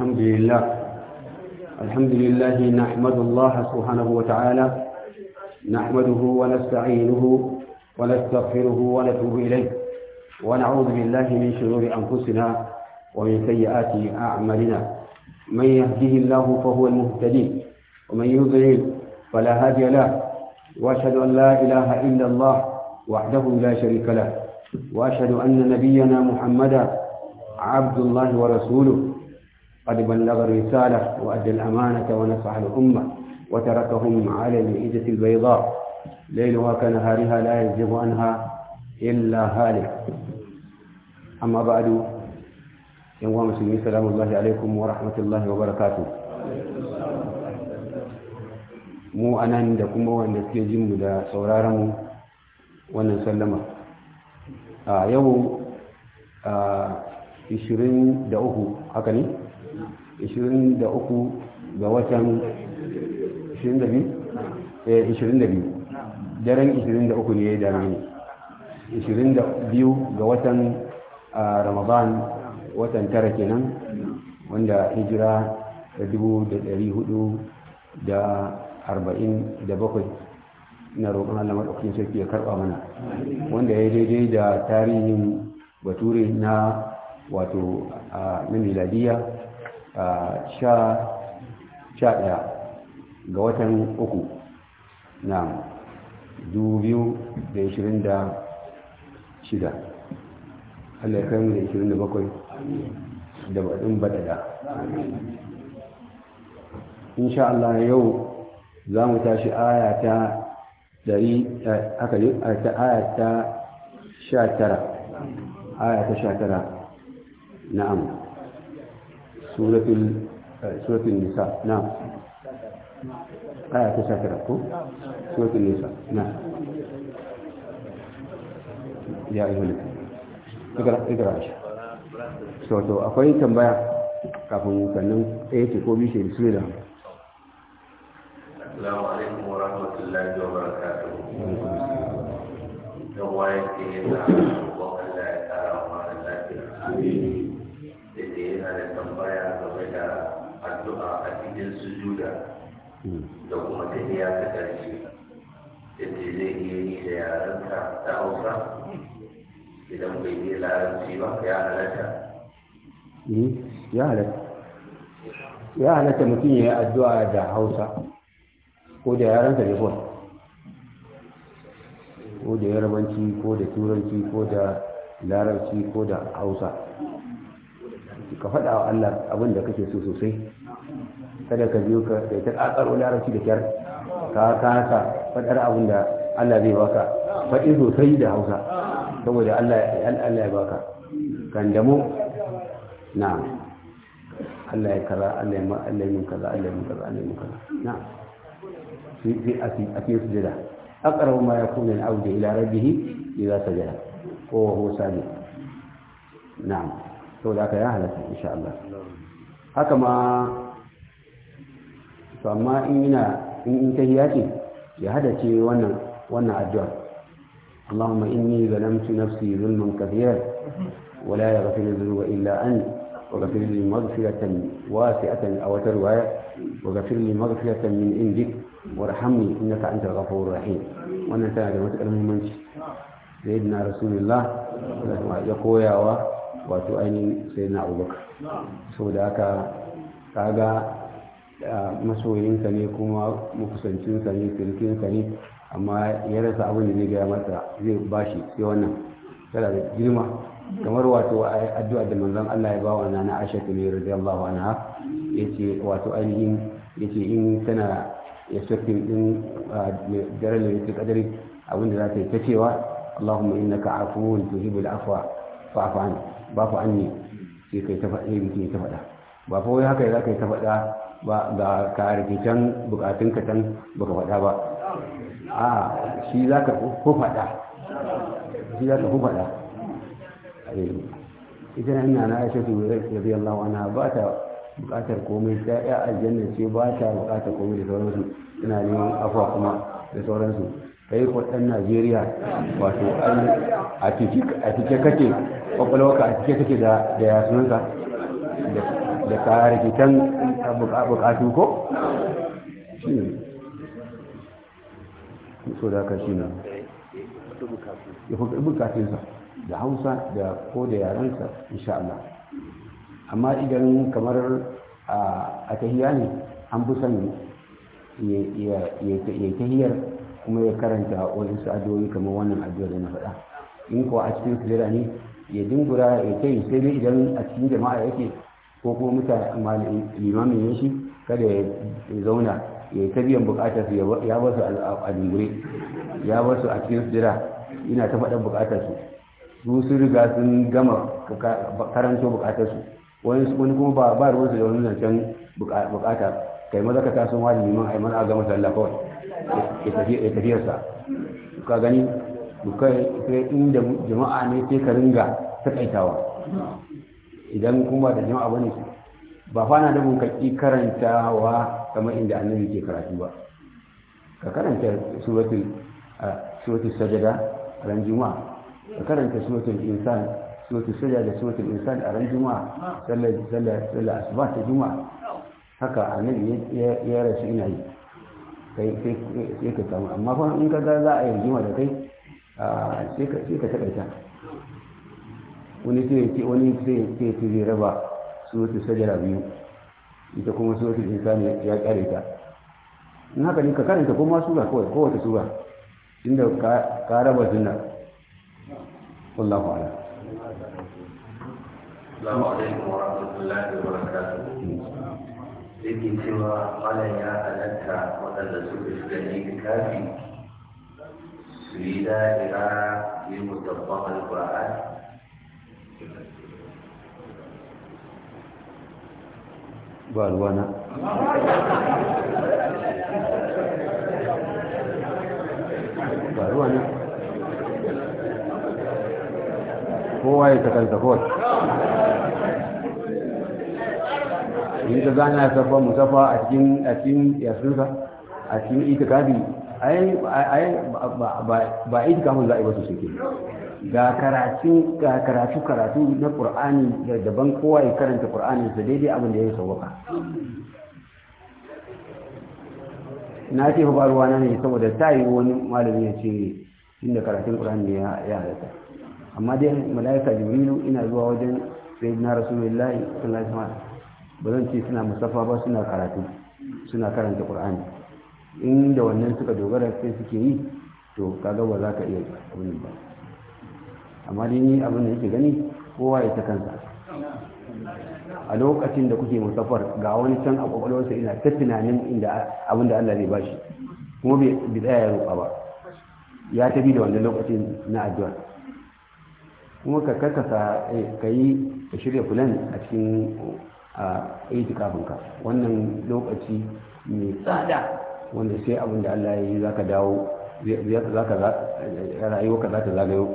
الحمد لله الحمد لله نحمد الله سبحانه وتعالى نحمده ونستعينه ونستغفره ونتوب إليه ونعوذ بالله من شرور أنفسنا ومن سيئات أعمالنا من يهده الله فهو المهتدي ومن يضلل فلا هادي له وأشهد أن لا إله إلا الله وحده لا شريك له وأشهد أن نبينا محمدا عبد الله ورسوله قد بلغ الرسالة وأدى الأمانة ونصح الأمة وتركهم على المئدة البيضاء ليلها كنهارها لا يزيغ عنها إلا هالك أما بعد يوم مسلمين سلام الله عليكم ورحمة الله وبركاته mu a nan da kuma wanda suke jin mu da sauraron mu wannan sallama a yau 23 haka ne 23 ga watan 22 eh 22 daren 23 ne ya da rani 22 ga watan ramadan watan tara kenan wanda hijira da 447 na roƙon Allah maɗaukakin sarki ya karɓa mana wanda ya daidai da tarihin bature na wato na miladiyya sha ɗaya ga watan uku na dubu da da shida. allah ya kai mu da 27 da baɗin baɗaɗa insha Allah yau za mu tashi ayata dari eh, aka yi ayata sha tara ayata sha tara amur suratun eh, nisa na aya ta shakara ko suratun nisa na ya yi hulun igara shi sauto akwai tambaya kafin sannan ɗaya eh, ce ko bishe da da hannu da idan bai yi larabci ba ya halatta eh, ya halatta ya halatta mutum ya yi addu'a da hausa ko da yaran telefon ko da yarabanci ko da turanci ko da larabci ko da hausa ka faɗa wa Allah abin da kake so sosai kada ka biyo ka da ta ƙaƙaro larabci da kyar ka kasa faɗar abin da Allah zai baka faɗi sosai da hausa saboda Allah ya baka kan damu na Allah ya kaza Allah ya mun kaza Allah ya mun kaza Allah ya mun kaza na fi fi a fi sujada aqrabu ma yakunu al-abdu ila rabbih idza ko wa huwa Na sau da aka ya halatta insha Allah haka ma su amma in ina in in tahiya ce ya hada ce wannan wannan addu’ar Allahumma inni zalamtu nafsi zulmin kafiyar wala ya gafi da zuwa illa an wa gafi da magfiratan wasi a watar waya wa gafi da magfiratan min indik wa rahamni in ka an taɓa rahim wannan tana da mata muhimmanci zai dina rasulullah ya koyawa wato ainihin sai na abubakar saboda haka kaga masoyinka ne kuma makusancinsa ne firkinsa ne amma ya rasa abin da zai gaya masa zai bashi sai wannan tara da girma kamar wato addu'a da manzon Allah ya bawa nana Aisha ne radiyallahu anha yace wato ainihin yace in tana ya shirkin din daren da yake kadari abin da za ta yi ta cewa Allahumma innaka afuwun tuhibbul afwa fa'fu anni ba fa anni sai kai ta faɗa ta faɗa ba fa wai haka za ka yi ta faɗa ba ga ka rikitan bukatun ka can ka faɗa ba a shi za ka ko faɗa shi za ka faɗa eh, ita na ina na aisha su rabi Allah wana ba ta bukatar komai ta ya aljanna ce ba ta bukatar komai da sauransu ina neman afuwa kuma da sauransu yi kwaɗan najeriya wato a cike kake kwakwalwaka a cike kake da yasunanka da ka karikitan bukatu ko? shi so da kashi ya bukatunsa da hausa da ko da yarensa insha Allah amma idan kamar a tahiya ne an fi son ya tahiyar kuma ya karanta waɗansu addu'o'i kamar wannan addu'ar da na faɗa in kuwa a cikin kulera ne ya dingura ya kai sai dai idan a cikin jama'a yake ko kuma mutane limamin ya shi kada ya zauna ya yi ta biyan bukatar su ya ba su a dingure ya ba su a cikin sujira ina ta faɗin bukatar su su su riga sun gama karanto bukatar su wani kuma ba ba ruwan su da wani zancen bukata kai maza ka taso ma liman ai mana gama sallah kawai ya tafiyarsa ka gani duka inda jama'a ne sai ka ringa takaitawa idan kuma da jama'a bane ba fa na mun ka ki karantawa kamar inda annabi ke karatu ba ka karanta suratul suratul sajada a ran juma'a ka karanta suratul insan suratul sajada da suratul insan a ran juma'a sallar sallar sallar asuba ta juma'a haka annabi ya rasu ina yi kai sai ka samu amma fa in ka ga za a yi juma'a da kai sai ka taƙaita. wani sai wani sai sai zai raba suratul sajara biyu ita kuma suratul insani ya kare ta in haka ne ka karanta kuma ma sura kawai ko wata sura inda ka raba sunna wallahu a'lam Assalamu alaikum wa rahmatullahi wa barakatuh. yake cewa malam ya halatta waɗanda suka shiga ne kafi su yi da'ira yi mutabban alƙur'an ba ruwana ba ruwana kowa ya takanta ta zana musafa a cikin yasinsa a cikin itikafi ba a yi kafin a yi wasu suke ga karatu karatu karatu na ƙur'ani daban kowa ya karanta ƙur'ani su daidai abin da ya sauwaka na ce ba ruwa na ne saboda ta yi wani malami ya ce inda karatun ƙur'ani ya halatta amma dai mala'ika jibrilu ina zuwa wajen sayyidina rasulullahi sallallahu alaihi wasallam ba zan ce suna musaffa ba suna karatu suna karanta qur'ani. in da wannan suka dogara sai suke yi to kaga ba za ka iya abin ba amma dai ni abin da yake gani kowa ya ta kansa a lokacin da kuke musafar ga wani can a kwakwalwarsa ina ta tunanin inda abin da Allah zai bashi kuma bai tsaya ya roƙa ba ya tafi da wannan lokacin na addu'a kuma ka karkasa eh, ka yi ka shirya fulan a cikin a ah, kafin ka wannan lokaci mai tsada wanda sai abin da Allah ya yi za ka dawo rayuwarka za ta zagayo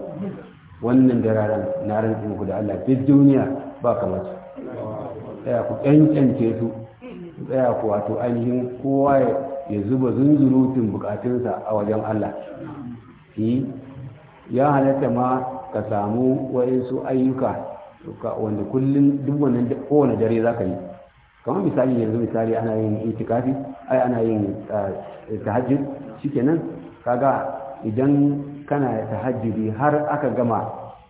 wannan dararen na rantsi ku da Allah fi duniya ba kamar su tsaya ku kyankyance su tsaya ku wato ainihin kowa ya zuba zunzurutun bukatunsa a wajen Allah fi ya halatta ma ka samu waɗansu ayyuka wanda kullum duk wannan kowane dare za ka yi kamar misali yanzu misali ana yin itikafi ai ana yin eh, tahajjud shikenan kaga idan kana tahajjudi har aka gama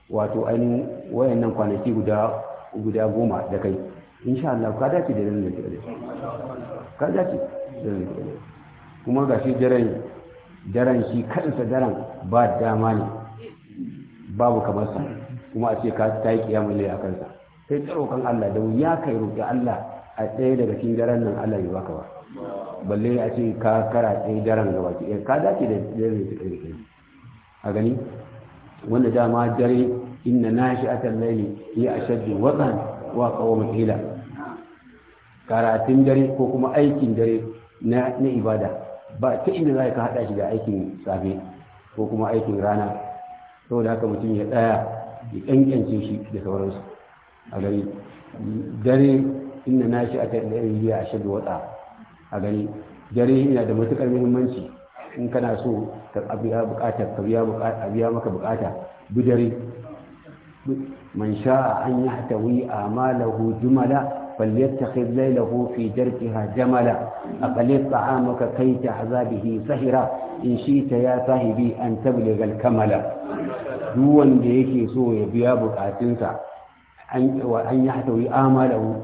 wato ainihin wayannan kwanaki guda goma da kai insha Allah ka dace da nan da ka dace kuma ga shi daren daren shi kansa daren ba dama ne babu kamar sa kuma a ce ka ta yi kiyamun laye a kansa sai tsaro Allah da wuya kai roƙi Allah a ɗaya daga cikin daren nan Allah ya baka ba balle a ce ka kara ɗaya daren gaba ki ka dace da dare da kai a gani wanda dama dare inna nashi'atal layli a ashaddu waqan wa qawmat hila karatun dare ko kuma aikin dare na ibada ba ta inda za ka haɗa shi da aikin safe ko kuma aikin rana saboda haka mutum ya tsaya ya ƙanƙance shi da sauransu a gani dare inna na shi a tattare a shaɗi wata a gani jarihi yana da matukar muhimmanci in kana so ka abiya bukata biya maka bukata bidari man sha an yi hatawi a malahu jumala falliyatta kai lailahu fi jarki ha jamala a falliyatta a maka kai ta hazabihi sahira in shi ta ya sahibi an tabbali gal kamala duwan da yake so ya biya bukatunsa an yi hatawi a malahu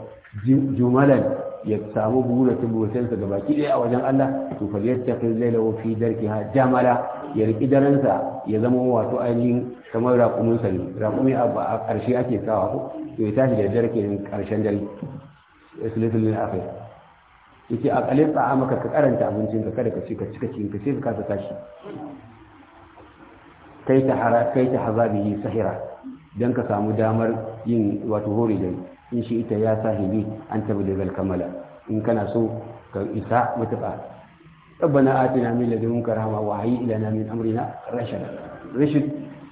jumalan ya samu buratun buratunsa ga baki ɗaya a wajen Allah to fa yattaqil laila wa fi darkiha jamala ya riki daransa ya zama wato ainihin kamar raƙumin sa ne raƙumi a ƙarshe ake sawa ko to ya tashi da darke ƙarshen dare sulutul lil akhir yake a ƙalin tsa'a maka ka karanta abincin ka kada ka ci ka cika cikin ka sai ka kasa tashi kai ta hara kai ta hazabi sahira don ka samu damar yin wato hori dai in shi ita ya sahibi an tabbata zal kamala in kana so ka isa mutaka ربنا آتنا من لدنك رحمة وهيئ Rashid من أمرنا رشدا رشد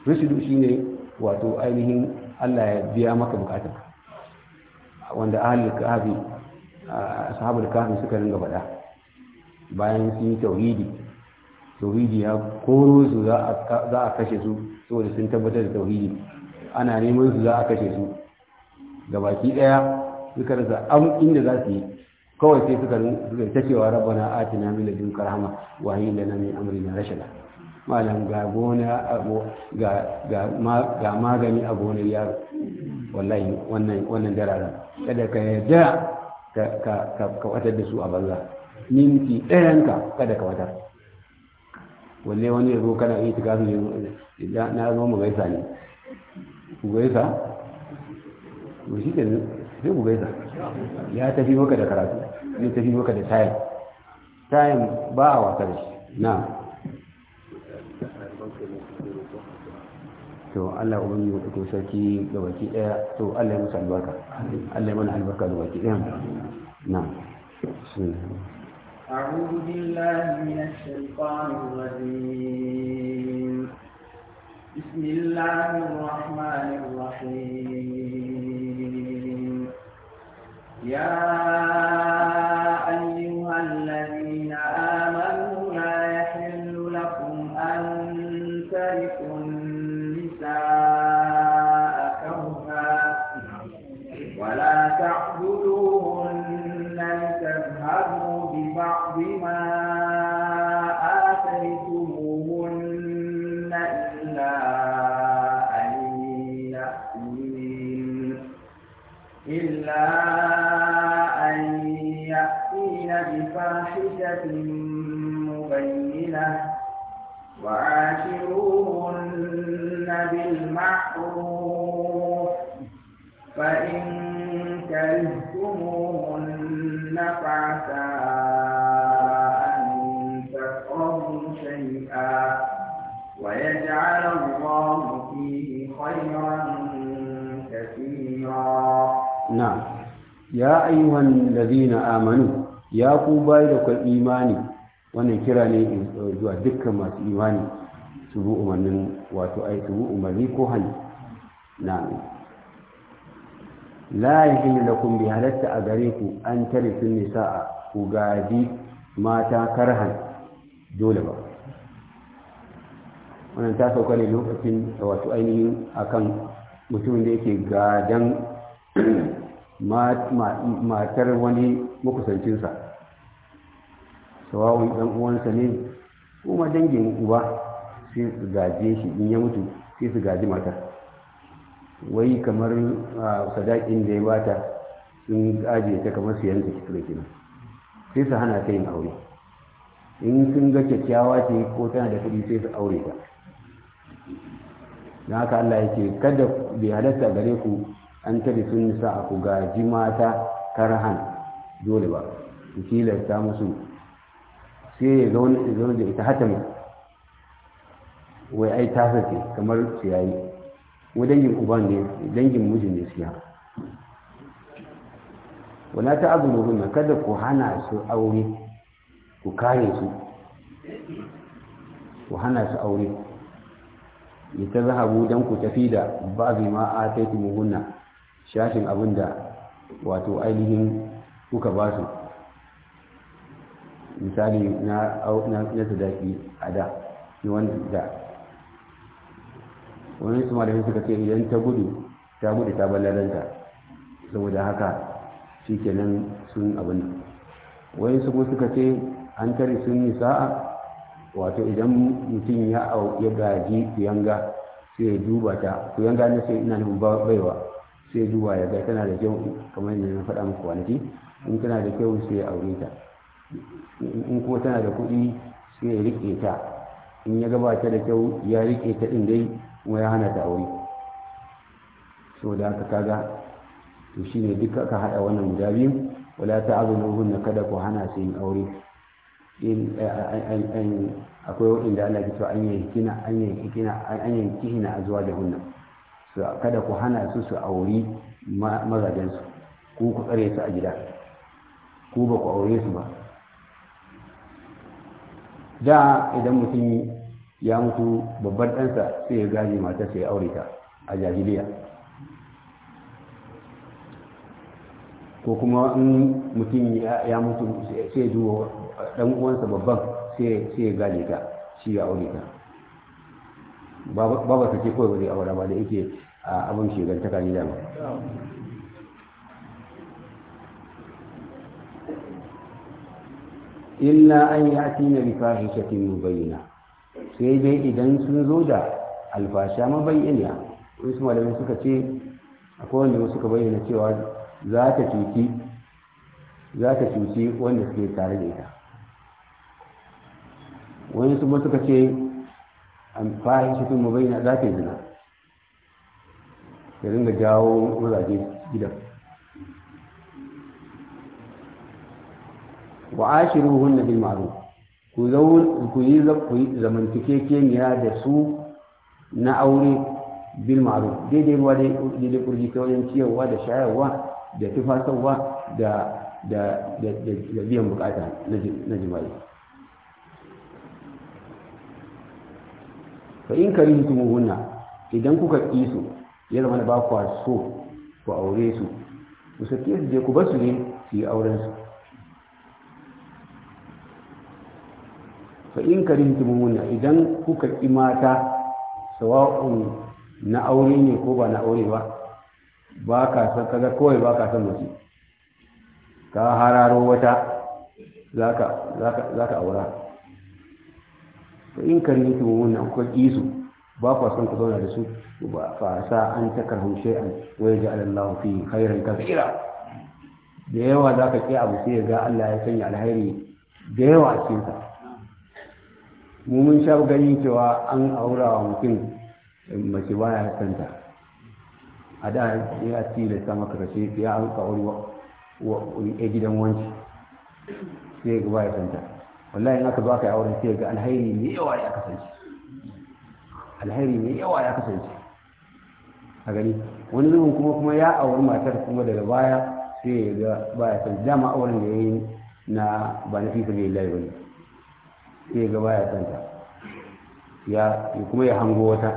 رشد شيني واتو أينهم الله يبيا مك بكاتك وند أهل الكهف أصحاب الكهف سكن faɗa. bayan sun yi tauhidi tauhidi ya koro su za a kashe su saboda sun tabbatar da tauhidi ana neman su za a kashe su baki daya suka rasa an inda za su yi kawai sai suka rinka ta cewa rabbana atina min ladunka rahma wa hayy lana min amrina rashada malam ga gona ga ga ga magani a gonar yaro wallahi wannan wannan darara kada ka yarda ka watar da su a banza minti ɗayanka kada ka watar walle wani ya zo kana yi tuka su na zo mu gaisa ne ku gaisa to shi ke sai ku gaisa ya tafi maka da karatu zai tafi maka da tayin tayin ba a wasa da shi na to Allah ubangi wa ɗauko sarki ga baki daya to Allah ya musu albarka Allah ya mana albarka ga baki daya na أعوذ بالله من الشيطان الرجيم بسم الله الرحمن الرحيم يا ya ayyuhan ladina amanu ya ku bai da kwan imani wannan kira ne zuwa dukkan masu imani su bu umarnin wato ai su bu umarni ko hali na la yahillu bi halatta a gare ku an nisa nisa'a ku gadi mata karhan dole ba wannan ta sauka ne lokacin wato ainihin akan mutumin da yake gadan matar wani makusancinsa sawawun ɗan uwansa ne kuma dangin uba sai su gaje shi in ya mutu sai su gaji matar wai kamar a sadakin da ya bata sun gaje ta kamar siyan ta kitar kina, sai su hana ta yin aure in sun ga kyakkyawa ce ko tana da kuɗi sai su aure ta na haka Allah ya ce kada bai halatta gare ku an tare sun nisa a ku gaji mata karhan dole ba ku ta musu sai ya zaune da ita mai wai ai tasa ce kamar su ciyayi wai dangin uban ne dangin mujin ne siya wani ta abu hunna kada ku hana su aure ku kare su ku hana su aure ita zahabu don ku tafi da ba'zi ma ataytumuhunna shashin abin da wato ainihin kuka ba su misali na sadaki a da ne wanda da wani su malafi suka ce idan ta gudu ta gudu ta ballaranta saboda haka shi kenan sun abin wani su suka ce an tare sun yi sa'a wato idan mutum ya gaji kuyanga sai ya duba ta kuyanga na sai ina nufin baiwa sai duba ya ga tana da kyau kamar yadda na faɗa muku kwanaki in tana da kyau sai ya aure ta in kuma tana da kuɗi sai ya riƙe ta in ya gabata da kyau ya riƙe ta ɗin dai kuma ya hana ta aure so da haka kaga to shi ne duka ka haɗa wannan guda biyu wala ta'buduhunna kada ku hana su yin aure in eh, eh, eh, akwai wanda ana ya an yankina an a zuwa da hunna kada ku hana su su auri mazajensu ku ku tsare su a gida ku ba ku aure su ba da idan mutum ya mutu babban ɗansa sai ya gaji sai ya aure ta a jahiliya ko kuma in mutum ya mutu sai duba ɗan uwansa babban sai ya gaji ta shi ya aure ta ba ba sake kawai ba a aure ba da yake abin shigantaka ne dama illa an yi atina bi mu mubayyana sai dai idan sun zo da alfasha mabayyana wasu malamai suka ce akwai wanda suka bayyana cewa za ta cuci za ta cuci wanda suke tare da ita wani su suka ce an fahishatun mubayyana za ta yi zina ya rinda jawo mazaje gidan wa ashiruhunna bil ma'ruf ku zaun ku yi zamantakekeniya da su na aure bil ma'ruf daidai ruwa daidai kurji ta wajen ciyarwa da shayarwa da tufasarwa da biyan bukata na jima'i fa in karihtumuhunna idan kuka ki su ya zama ba ku so ku aure su ku ke su je ku ba su ne su yi auren su fa in idan kuka ki mata sawa'un na aure ne ko ba na aure ba ba ka san kaga kawai ba ka san mace ka hararo wata za ka aura fa in karihtu wannan ku izu ba ku san ku zauna da su ba fa sa an takarhu an waya ji alallahu fi khairan kathira da yawa za ka ki abu sai ga Allah ya sanya alheri da yawa a cikin mummun mu mun sha gani cewa an aura wa mutum mace baya santa a da ya tilasta maka karshe ya an ka wa gidan wanci sai ga baya santa wallahi in aka zo aka yi auren sai ga alhairi mai yawa ya kasance alhairi mai yawa ya kasance a gani wani zubin kuma kuma ya auri matar kuma daga baya sai ya ga baya san dama auren da ya yi na ba na fisa mai lai bane sai ya ga baya san ta ya kuma ya hango wata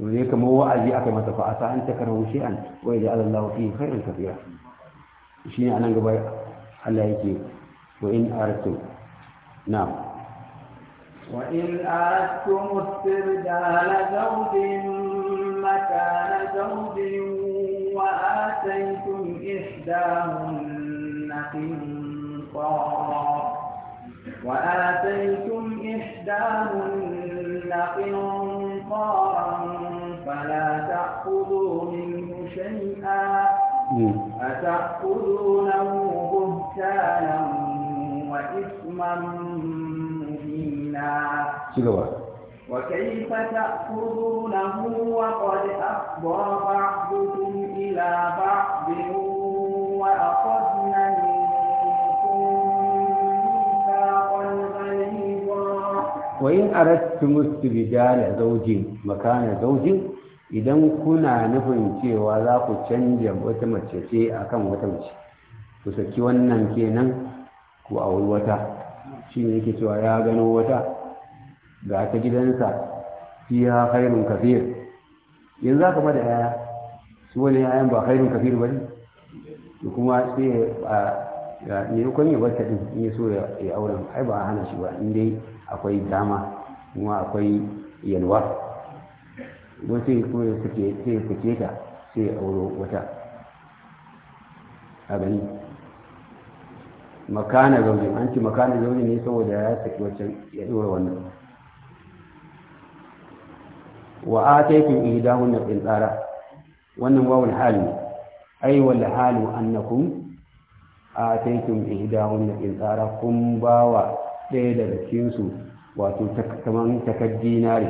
to ne kamar wa'azi aka masa fa asa an takarhu shay'an wa yaj'al Allahu fihi khairan kathira shi ne anan gaba Allah yake وإن أردتم نعم وإن أردتم استبدال زوج مكان زوج وآتيتم إحداهن قنطارا وآتيتم إحداهن قنطارا فلا تأخذوا منه شيئا أتأخذونه بهتانا وإثما مبينا وكيف تأخذونه وقد أفضى بعضكم إلى بعض وأخذنا منكم ميثاقا غليظا وإن أردتم استبدال زوج مكان زوج idan kuna nufin cewa za ku canja wata mace ce akan wata mace ku saki wannan kenan ko a wani wata shi ne yake cewa ya gano wata ga ta gidansa ya hairun kafir yanzu aka bada yaya su wani yayan ba hairun kafir ba ne to kuma sai ya ne kun yi wata din in ya so ya auren ai ba hana shi ba in dai akwai dama kuma akwai yalwa don sai kuma ya suke ya fice ta sai ya auro wata a gani makana zaujin an ce makana zaujin ne saboda ya saki waccan ya ɗora wannan wa a taifin ihidahun na tsara wannan wawon hali ai wal halu annakum a taifin ihidahun na tsara kun ba wa ɗaya daga cikinsu wato taman takar dinari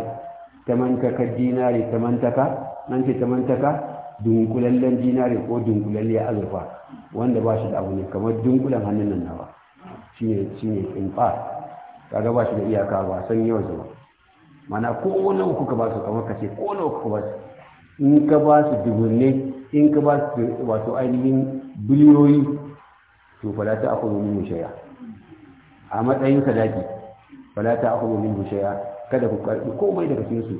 taman takar dinari taman taka nan ce taman taka dunkulallen dinari ko dunkulalle azurfa wanda ba shi da abu ne kamar dunkulan hannun nan nawa shi ne tsimfa kaga ba shi da iyaka ba san yawan zama mana ko nawa ka ba su kamar ce ko nawa ka ba su in ka ba su dubunne in ka ba su wato ainihin biliyoyi to fala ta akwai min shaya a matsayin sadaki fala ta akwai min shaya kada ku karbi komai daga cikin su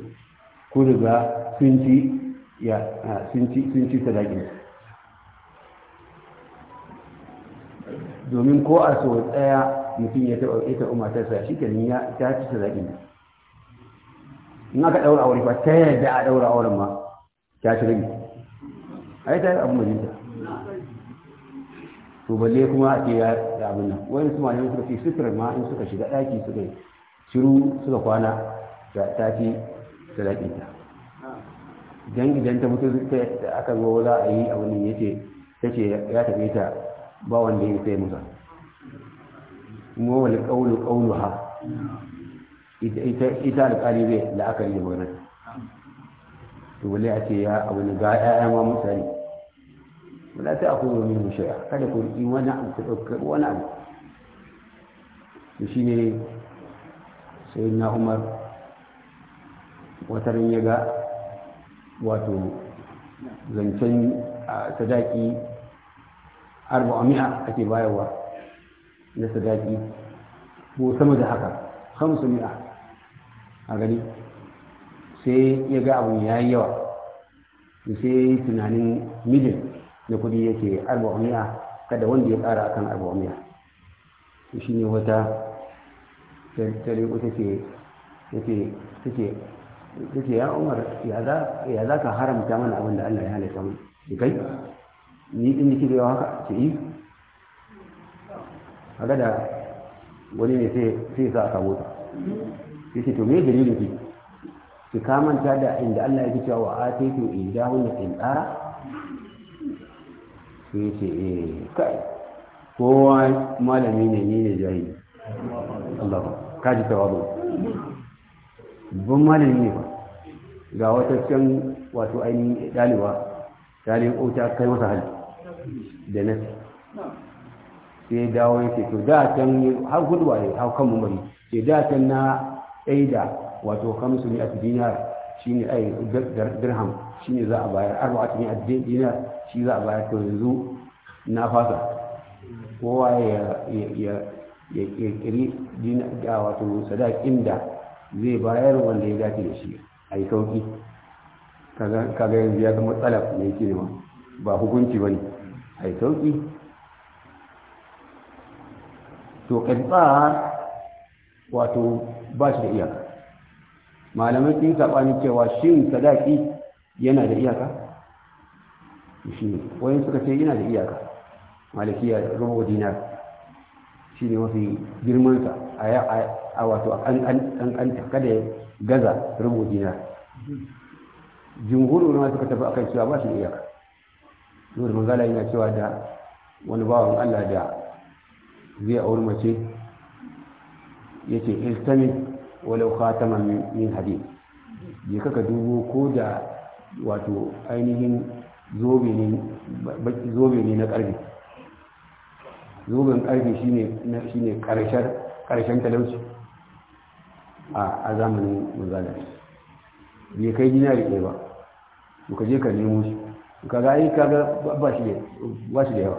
ku riga sun ci ya sun ci sadakin domin ko a sau daya mutum ya taɓa ita umartarsa shi kenan ya ta ci sadakin in aka ɗaura aure ba ta yadda a ɗaura auren ma ta ci rabi a yi ta yi abu majinta to balle kuma a ke yi abin nan wani su malamin suka fi sutura ma in suka shiga ɗaki suka yi shiru suka kwana ta ci sadakin ta don idan ta mutu da aka zo za a yi abin ya ce ta ce ya tafi ta ba wanda ya sai musa wani ƙaunu ƙaunu ha ita alƙali zai la'akari da magana to wale a ce ya abin ga ya'ya ma mutane wala ta akwai wani mushaya kada ku yi wani abu ku ɗauka wani abu shi ne sai na umar watarin ya ga wato zancen sadaki mi'a ake bayarwa na sadaki ko sama da haka hamsu mi'a a gani sai ya ga abu ya yawa sai tunanin mijin na kudi yake mi'a? kada wanda ya tsara akan mi'a. shi ne wata ta riko take ta ce ya umar ya za ka haramta mana abin da allah ya halitta mun? ki kai ni din nake da haka ce yi eh. haka da wani ne sai sa aka mota sai ce to me dalilin ki ki kamanta da inda allah ya fi cewa wa inda wani in tsara sai ce eh kai kowa malami ne ni ne jahili Allah ka ji tawabu ban malami ne ba ga wata can wato ainihin ɗaliba ta ne kai masa hali da nasi sai dawo ya ce to da can har gudu ba ne hau kan mummari ce da can na da wato kamsu ne a dinar shi ne ai dirham shi ne za a bayar arba ne a dinar shi za a bayar to yanzu na fasa kowa ya ya ya kiri wato sadakin da zai bayar wanda ya dace da shi a yi sauki kaga yanzu ya zama tsalaf ne ke ba hukunci ba ne a yi sauki to ƙarfa wato ba shi da iyaka malamai sun saɓani cewa shin sadaki yana da iyaka shi ne wani suka ce yana da iyaka malakiya ga dinar shi ne mafi girmansa a wato a kada ya gaza rubu dinar jimhurin ma suka tafi akan cewa ba shi iyaka zuwa manzala yana cewa da wani bawan allah da zai auri mace ya ce iltami walau khataman min hadith je kaka dubo ko da wato ainihin zobe ne na ƙarfi zoben ƙarfi shine karshen ƙarshen talauci a zamanin manzana bai kai dinari riƙe ba to ka je ka nemo shi ka ga ai ka ga ba shi da yawa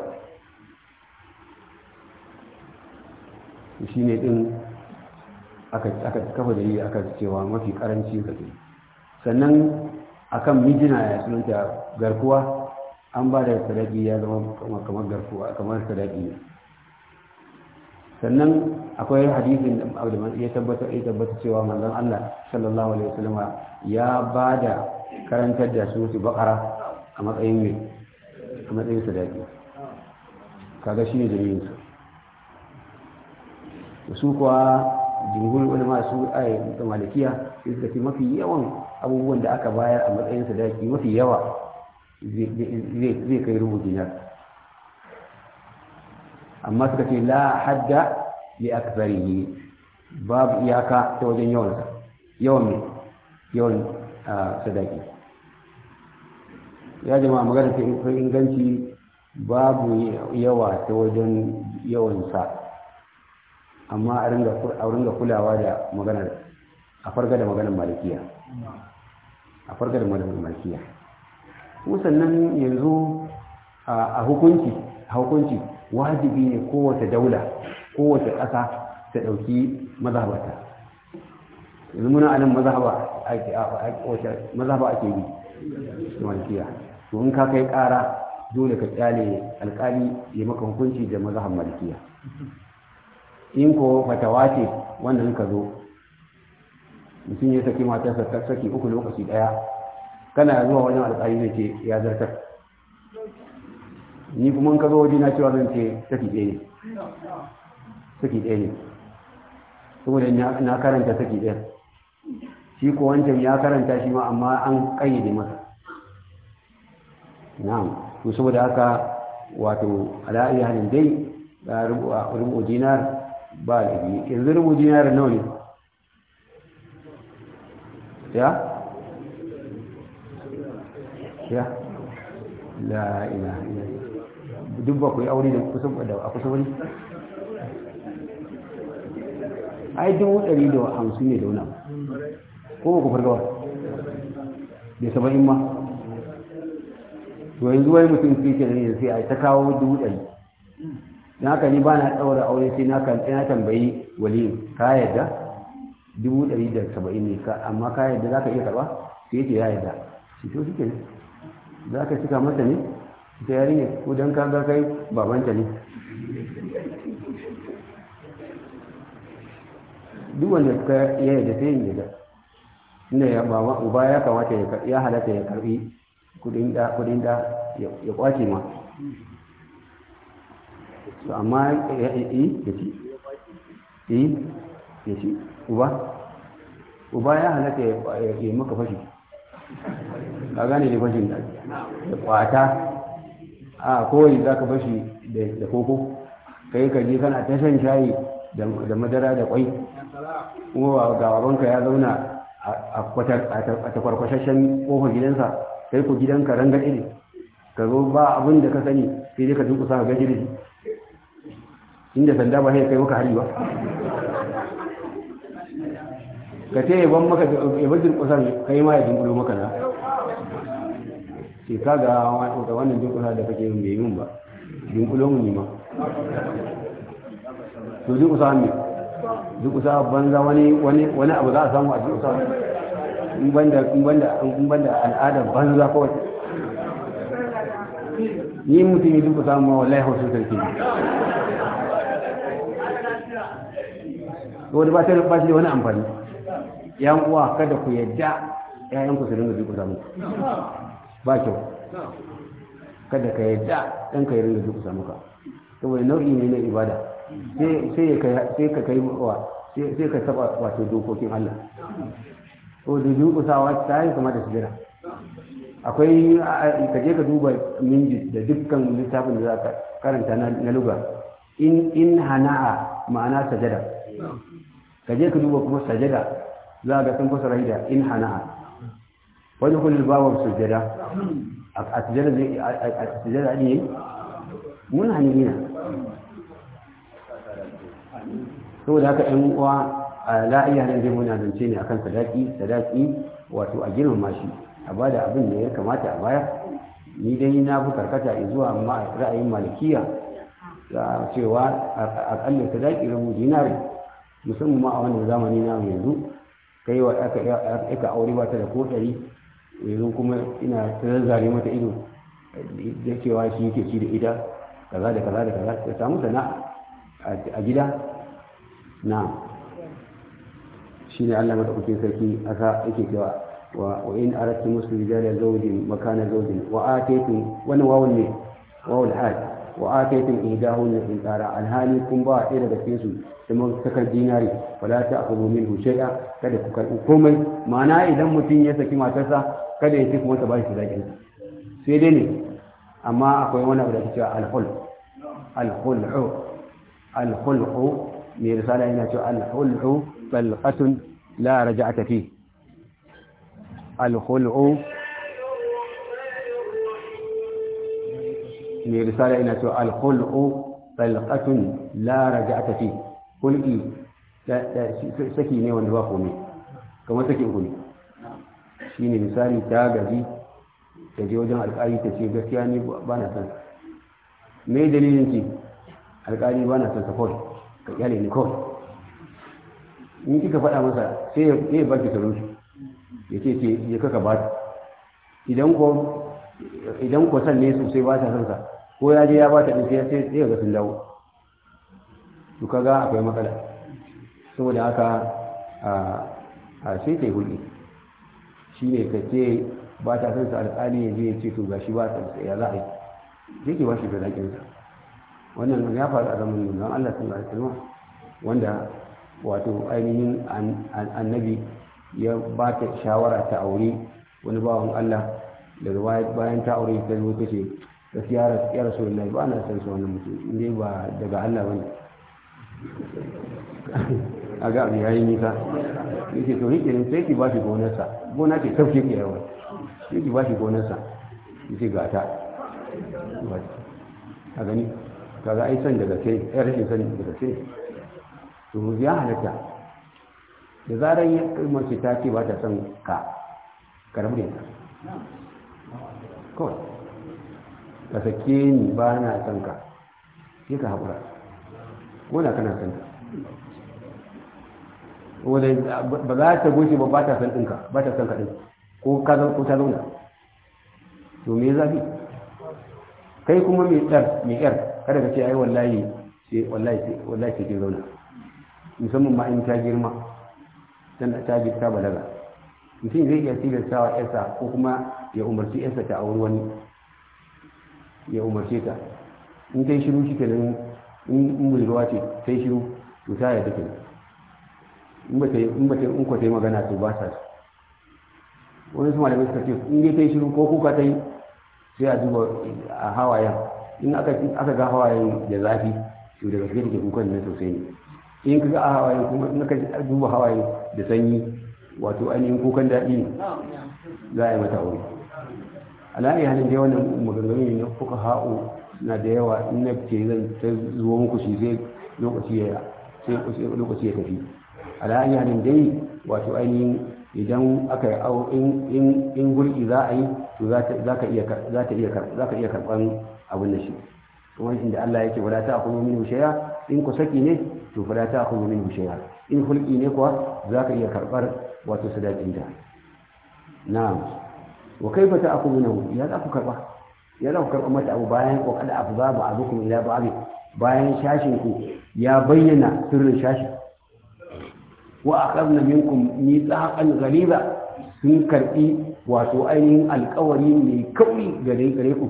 shi ne ɗin aka kafa da yi aka cewa mafi ƙaranci ka ce sannan akan mijina ya sunanta garkuwa an ba da sadaki ya zama kamar garkuwa kamar sadaki ne sannan akwai hadisin ya tabbata ya tabbata cewa manzon Allah sallallahu alaihi wasallam ya bada karantar da su su bakara a matsayin mai a matsayin sadaki kaga shine dalilin su su kuwa jumhur ulama su ai da malikiya sai suka ce mafi yawan abubuwan da aka bayar a matsayin sadaki mafi yawa zai kai rubu dinar amma suka ce la hadda li akbarihi babu iyaka ta wajen yawan yawan yawan sadaki ya jama'a magana ta inganci babu yawa ta wajen yawan sa amma a ringa kulawa da maganar a farga da maganar malikiya a farga da maganar malikiya sannan yanzu a hukunci a hukunci wajibi ne kowace daula kowace ƙasa ta ɗauki mazhabata yanzu muna anan mazhaba ake yi malikiya to in ka kai ƙara dole ka kyale alƙali ya maka hukunci da mazhaban malikiya in ko fatawa ce wannan ka zo mutum ya saki matarsa ta saki uku lokaci ɗaya kana zuwa wajen alƙali ne ce ya zartar ni kuma ka zo waje na cewa zan ce saki ɗaya ne saki ɗaya ne saboda na karanta saki ɗaya shi ko wancan ya karanta shi ma amma an ƙayyade masa na'am to saboda haka wato ala'ayi halin dai ba rubu dinar ba da biyu yanzu rubu dinar nawa ne ya ya la ilaha illallah duk ba ku yi aure da kusan da a kusa wani ai dubu ɗari da hamsin ne da wuna ko ba ku fargawa da saba'in ma to yanzu wani mutum ke ne sai a ta kawo dubu ɗari na haka ni ba na ɗaura aure sai na tambayi wali ka yadda dubu ɗari da saba'in ne amma ka yadda za ka iya karɓa sai ya ce ya yadda shi to shi ke za ka cika masa ne da yarinya ko don kaga kai babanta ne duk wanda suka ya da sai yin yarda ina ya baba uba ya kamata ya halatta ya karbi kudin da kudin da ya kwace ma to amma ya yi ya ci yi ya ci uba uba ya halatta ya maka fashi ka gane da fashin da ya kwata a kowai za ka bashi da koko kai ka je kana ta shan shayi da madara da kwai kuma ga babanka ya zauna a kwarkwashashen kofar gidansa sai ku gidanka ranga iri ka zo ba abin da ka sani sai dai ka duk kusa gaji da inda sanda ba sai kai maka hari ba ka ce ban maka yaban kusan kai ma ya dunkulo maka na ce kaga da wannan jinkula da kake yin bai yin ba dunkulo mu ne ma to duk usa ne duk usa banza wani wani wani abu za a samu a duk usa in banda in banda in banda al'adar banza kawai ni mutum ya usa ma wallahi hausa sarki wani ba ta ba shi da wani amfani yan uwa kada ku yadda ƴaƴanku su dinga duk usa muku ba kyau kada ka yadda ɗan ka yi rinda zuku samu ka saboda nau'i ne na ibada sai ka kai wa sai ka saba wato dokokin Allah ko da dukusawa ta yi kama da sujira akwai ka je ka duba minji da dukkan littafin da za ka karanta na luga in hana'a ma'ana sajada ka je ka duba kuma sajada za ga sun fasara da in hana'a wani kulil bawon sujada a sujada a sujada ne yi mun saboda haka 'yan uwa a la'iya nan zai muna zance ne akan sadaki sadaki wato a girmama shi a bada abin da ya kamata a baya ni dai na fi karkata zuwa amma ra'ayin malikiya A cewa akalla sadaki rubu dinari musamman ma a wannan zamani na yanzu kai wa aka aure ba ta da ko yanzu kuma ina zazzare mata ido da cewa shi yake ci da ita kaza da kaza da kaza ta samu sana a gida na shi ne allah kuke sarki a sa ake cewa wa in arati musu rijalar zaujin makana zaujin wa a tekun wani wawon ne wawon hajji wa ataytum ihdahunna qintara alhali kun ba ɗaya daga cikin su mun sakar dinari wala akhudhu min shay'a kada ku karɓi komai ma'ana idan mutum ya saki matarsa kada ya ci kuma ta bashi sadakin sai dai ne amma akwai wani abu da ke cewa alhul alhul'u alhul'u mai risala yana cewa alhul'u balqatun la raja'ata fi alhul'u mai risala ina cewa alkhul'u talqatun la raj'ata fi kulki saki ne wanda ba komai kamar saki ku ne shine misali ta gaji ta je wajen alƙali ta ce gaskiya ne ba na san me dalilin ki alƙali ba na san ka kawai ka yale ni kawai in kika faɗa masa sai ya baki ta rushe ya ce ce ya kaka ba idan ko idan ko san ne sosai ba ta san sa ko ya je ya ba ta ɗin sai ya ga sun dawo to kaga akwai matsala saboda haka a sai ta yi hulɗi shi ne ka ce ba ta san su alƙali ya je ya ce to ga shi ba ta ya za a yi zai ke ba shi sa wannan ya faru a zaman nuna Allah sun zai kalma wanda wato ainihin annabi ya ba ta shawara ta aure wani bawan Allah daga bayan ta aure ta zo ta ce gaskiya ya rasu da ba na san su wannan mutum inda ba daga Allah wani a ga abu yayin nisa ya ce to rike ne sai ki ba shi gonarsa gona ke tafke ke yawa sai ki ba shi gonarsa ya ce ga ta a gani kaga yi san daga ke ya rashin san daga sai to ya halatta da zarar ya mace ta ce ba ta san ka karamin ka kawai ka sake ni ba na son ka sai ka haƙura wanda kana son ta ba za ta goce ba ba ta san ɗinka ba ta son ka ɗin ko ka ko ta zauna to me zafi kai kuma mai ɗar mai ƴar kada ka ce ai wallahi sai wallahi wallahi sai ke zauna musamman ma in ta girma dan ta ta balaga mutum zai iya tilasta wa ƴarsa ko kuma ya umarci ƴarsa ta auri wani ya umarce ta in ta yi shiru shi kenan in budurwa ce ta yi shiru to ta yi kenan in ba ta yi unkwata yi magana to ba ta wani su malamai suka ce in dai ta yi shiru ko kuka ta yi sai a duba a hawayen in aka ga hawayen da zafi to daga suke da kukan na sosai ne in ka ga a hawayen kuma in aka duba hawayen da sanyi wato ainihin kukan daɗi ne za a yi mata wuri ala ayi halin dai wannan maganganu ne na fuka ha'u na da yawa in na ce zan ta zuwa muku shi zai lokaci ya sai lokaci ya tafi ala ayi halin dai wato ainihin idan aka yi awo in gulki gurki za a yi to za ka iya za ta iya abin da shi kuma inda Allah yake wala ta kuma minhu shay'a in ku saki ne to fala ta kuma minhu shay'a in hulki ne kuwa za ka iya karɓar wato sadakin da na'am wa kaifa ta'kumunahu ya za ku karba ya za ku karba mata abu bayan ko kada abu babu abukum ila ba'd bayan shashin ku ya bayyana sirrin shashin wa aqadna minkum mithaqan ghaliza sun karbi wato ainihin alkawari mai kauri gare gare ku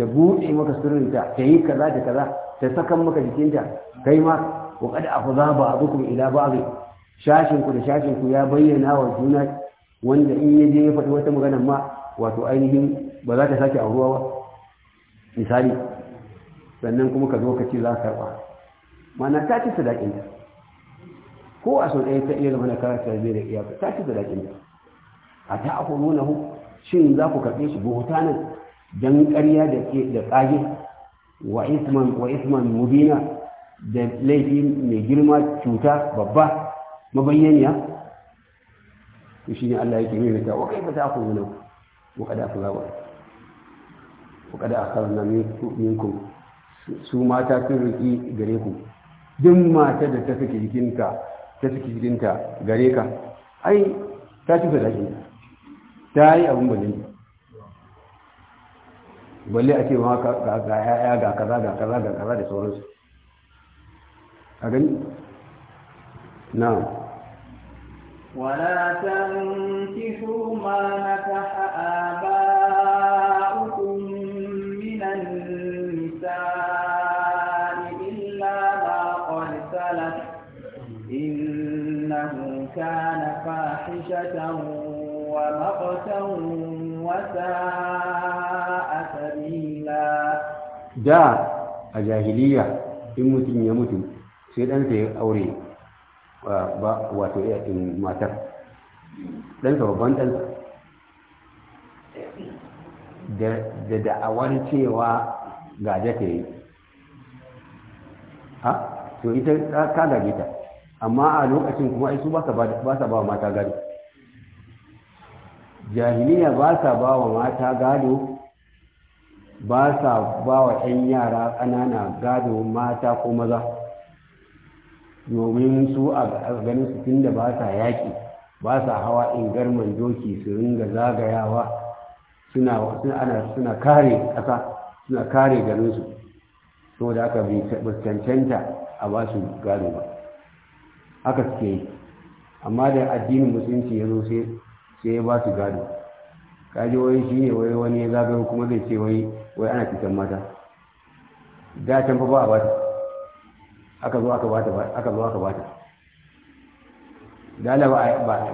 ta buɗe maka sirrinta ta yi kaza da kaza ta sakan maka jikinta kai ma wa kada a za ba abukum ila ba'dhi shashin ku da shashin ku ya bayyana wa juna wanda in ya je ya faɗi wata magana ma wato ainihin ba za ta sake auruwa ba misali sannan kuma ka zo ka ce za ka karɓa mana ta ci sadakinta ko a sau ɗaya ta iya zama na karanta zai da iya ta ci sadakinta a ta aku nuna hu shin za ku karɓe shi nan don ƙarya da ƙage wa isman wa isman mubina da laifi mai girma cuta babba mabayyaniya shi ne Allah yake mai ta wa kai ba ta aku nuna وقد أفلوا وقد أخذنا منكم su mata sun riƙi gare ku duk mata da ta saki jikinka ta saki jikinta gare ka ai ta ci da shi ta yi abin balin balle a cewa ka ga yaya ga kaza ga kaza ga kaza da sauransu a gani na'am ولا تنكحوا ما نكح آباؤكم من النساء إلا ما قد سلف إنه كان فاحشة ومقتا وساء سبيلا دا a jahiliya in mutum ya mutu sai ɗansa ya aure ba wato ya in matar ɗansa babban ɗansa da da'awar cewa ga ta yi ha to ita ka gaje ta amma a lokacin kuma isu ba sa ba mata gado jahiliya ba sa ba wa mata gado ba sa ba wa 'yan yara ƙanana gado mata ko maza domin su a ganin su tun da ba sa yaƙi ba sa hawa ingarman doki su ringa zagayawa suna kare ƙasa suna kare garinsu so da aka bi cancanta a ba su gado ba haka suke yi amma da addinin musulunci ya zo sai ya ba su gado kaji wai shi ne wai wani ya zagayo kuma zai ce wai ana fitan mata da can fa ba a ba aka zo aka bata aka zo aka bata dala ba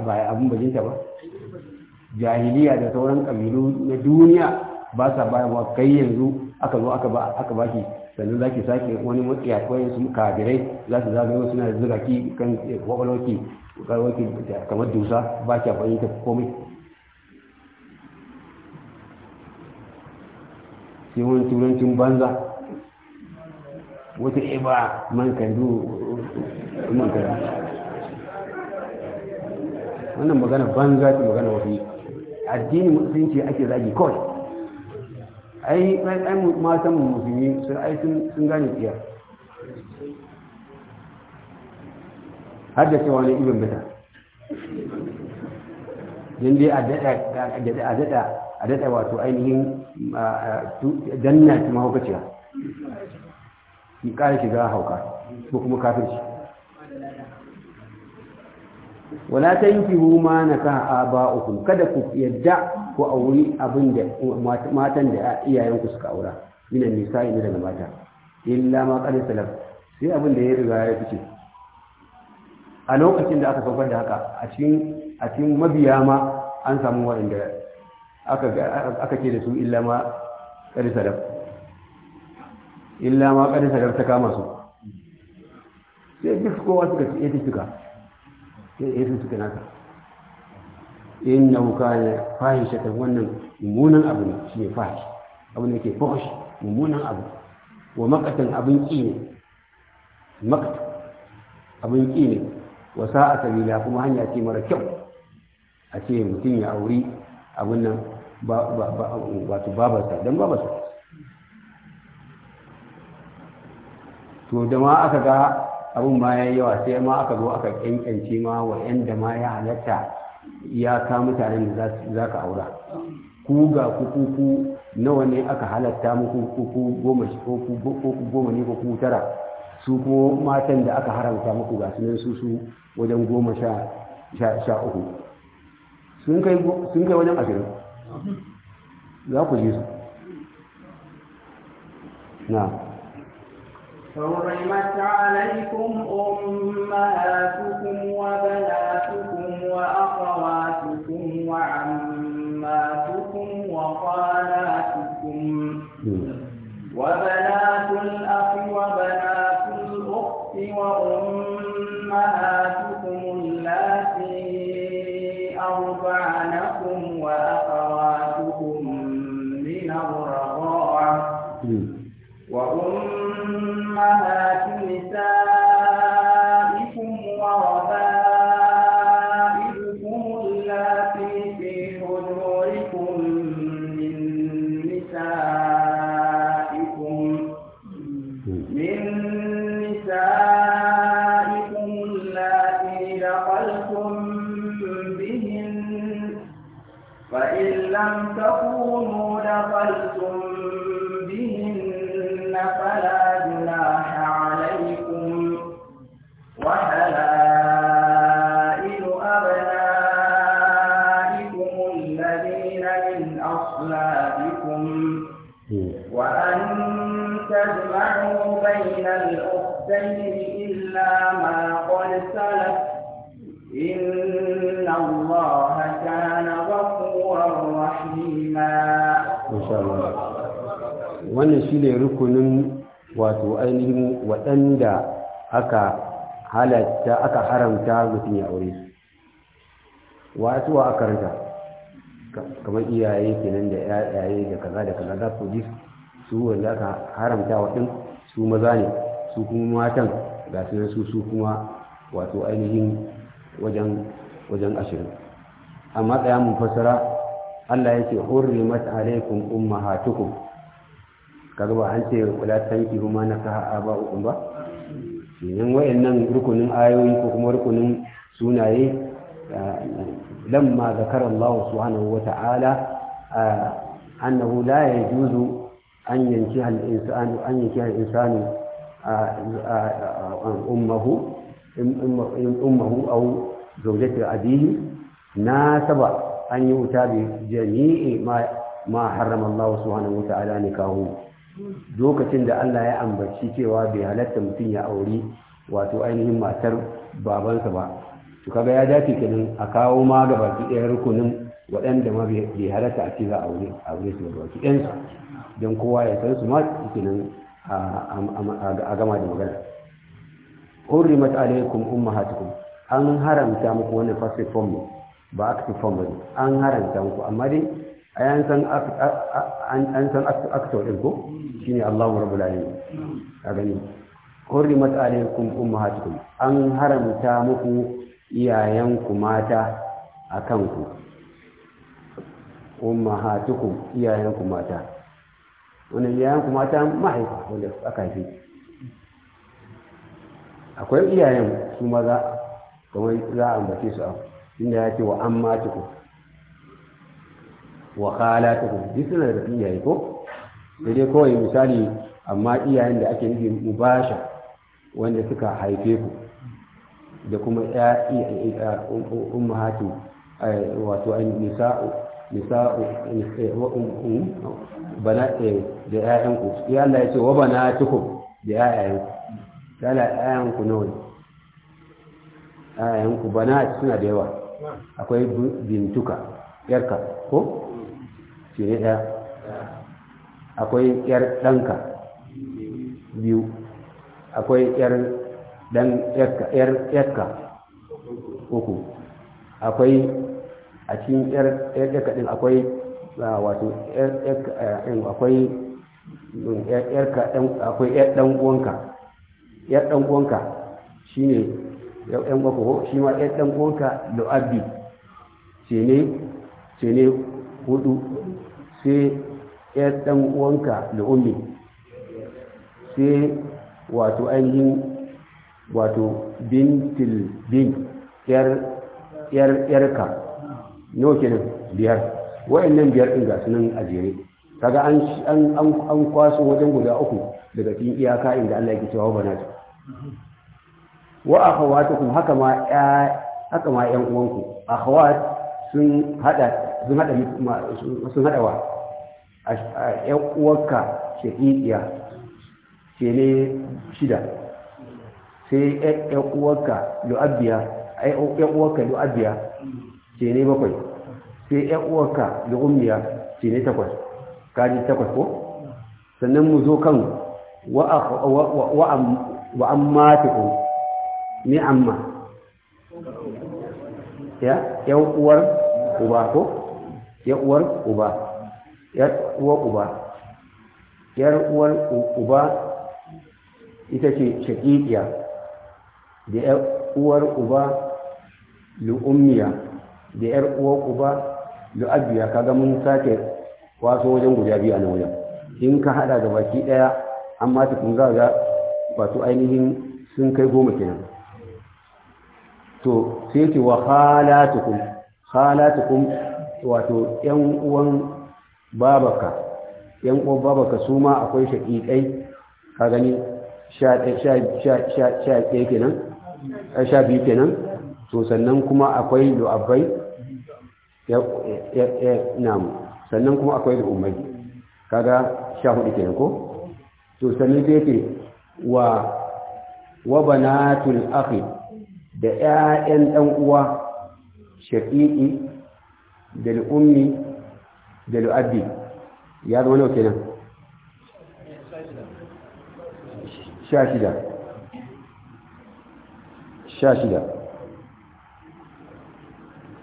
ba abun bajinta ba jahiliya da sauran kabilu na duniya ba sa wa kai yanzu aka zo aka ba aka baki sannan zaki sake wani matsiya ko yanzu kabirai za su zagayo suna zuga ki kan kwakwalwaki kwakwalwarki kamar dusa ba ki abin ta komai sai wani turancin banza wata iba man kandu man kandu wannan magana banza ce magana wafi addini musulunci ake zagi kawai ai ai matan musulmi sun ai sun gane tsiya har da cewa ne ibn bita din dai a daɗa a a daɗa wato ainihin danna ta mahaukaciya ya ƙara shiga hauka ko kuma shi wala ta yi huma na ka a ba'ukun kada ku yadda ku auri abin da matan da iyayenku suka aura ina nisa yi daga mata illa lama ƙarin salaf sai abin da ya riga ya fice a lokacin da aka saukar da haka a cikin mabiya ma an samu waɗanda aka ce da su illa ma ƙarin illa ma ƙarin sadar ta kama su sai duk kowa suka ce eti suka sai eti suka nasa inna wuka ne fahisha ta wannan mummunan abu shi ne fahish abu ne ke fahish mummunan abu wa makatan abin ƙi ne makat abin ne wa sa'a sabila kuma hanya ce mara kyau a ce mutum ya auri abin nan ba ba ba babarsa don babarsa to da ma aka ga abun ma ya yawa sai ma aka zo aka kyankyance ma wa da ma ya halatta ya ka mutanen da za ka aura ku ga kuku nawa ne aka halatta muku kuku goma ko goma ne ko ku tara su ko matan da aka haramta muku ga sunan su su wajen goma sha uku sun kai wajen ashirin za ku je su na حرمت عليكم أمهاتكم وبناتكم وأخواتكم وعماتكم وخالاتكم وبنات الأخ وبنات الأخت وأمهاتكم اللاتي أرضعنكم وأخواتكم من الرضاعة وأمهاتكم أمهات نسائهم wannan shi ne rukunin wato ainihin waɗanda aka halatta aka haramta mutum ya aure su wasu wa karanta kamar iyaye kenan da yayaye da kaza da kaza za su ji su wanda aka haramta waɗin su maza ne su kuma matan ga su su su kuma wato ainihin wajen wajen ashirin amma tsaya mun fasara Allah ya ce hurrimat alaikum ummahatukum kaga ba an ce wala tanki kuma na ka aba uku ba idan wayannan rukunin ayoyi ko kuma rukunin sunaye lamma zakara Allah subhanahu wata'ala annahu la yajuzu an yankiha al-insanu an yankiha al-insanu ummuhu ummuhu um, um, aw zawjatu abihi saba an yi wuta bi jami'i ma ma harrama Allah subhanahu wata'ala nikahu lokacin da Allah ya ambaci cewa bai halatta mutum ya aure wato ainihin matar babansa ba to kaga ya dace kenan a kawo ma ga baki ɗaya rukunin waɗanda ma bai halatta a ce za a aure aure su ga baki ɗansu don kowa ya san su ma kenan a gama da magana mata alaikum ummahatukum an haramta muku wannan fasifon ba aktifon ba an haramta muku amma dai a yankan an san aktor ɗin ko shi ne allahu rabu lalini a gani hurrimat alaikum ummahatukum an haramta muku iyayenku mata a kanku ummahatukum iyayenku mata wani iyayenku mata mahaifa wanda aka fi akwai iyayen su maza kamar za a ambace su a inda ya ce wa an matukum wa khalatuhum duk suna da iyaye ko sai dai kawai misali amma iyayen da ake nufi mubasha wanda suka haife ku da kuma ya um, ummahatu eh, wato an nisa'u nisa'u eh, um, um, bana eh, da ya'yan ku ya Allah ya ce wa banatukum da ya'yan ku kala ƴaƴan ku nawa ƴaƴan ku banat suna da yawa akwai bintuka yarka ko fiye ɗaya akwai yar ɗanka biyu akwai yar ɗan yarka uku akwai a cikin yar yarka ɗin akwai wato akwai yarka akwai yar ɗan uwanka yar ɗan uwanka shine ɗan uwanka shi ma yar ɗan uwanka lo'abbi ce ne hudu sai ‘yar ɗan uwanka da ummi sai wato ainihin wato bintil bin ‘yarka nawa kenan biyar wa'annan biyar ɗin gasu nan a jere kaga an kwaso wajen guda uku daga cikin iyaka inda Allah yake cewa bana ta wa akhawatukum haka ma haka ma ƴan uwanku akhawat sun hada sun hada sun hada wa yan uwarka shaƙiƙiya ne shida sai yan uwarka abiya, yan uwarka lu'abbiya ne bakwai sai yan uwarka lu'ummiya ne takwas kaji takwas ko sannan mu zo kan wa amma tukun ni amma ya yan uwar uba ko yan uwar uba yar uba yar uwar uba ita ce shaqiqiya da yar uwar uba lu'ummiya da yar uwar uba lu'abiya kaga mun sake kwaso wajen guda biyu a wajen in ka hada da baki daya amma tukun za ga wato ainihin sun kai goma kenan to sai ce wa halatukum halatukum wato yan uwan babaka yan ko babaka su ma akwai shaƙiƙai ka gani sha ɗaya kenan sha biyu kenan to sannan kuma akwai lu'abbai na'am sannan kuma akwai lu'ummai kaga sha hudu kenan ko to sannan zai wa wa banatul akhi da ƴaƴan ɗan uwa shaƙiƙi da ummi da lu'abbi ya zama nau kenan sha shida sha shida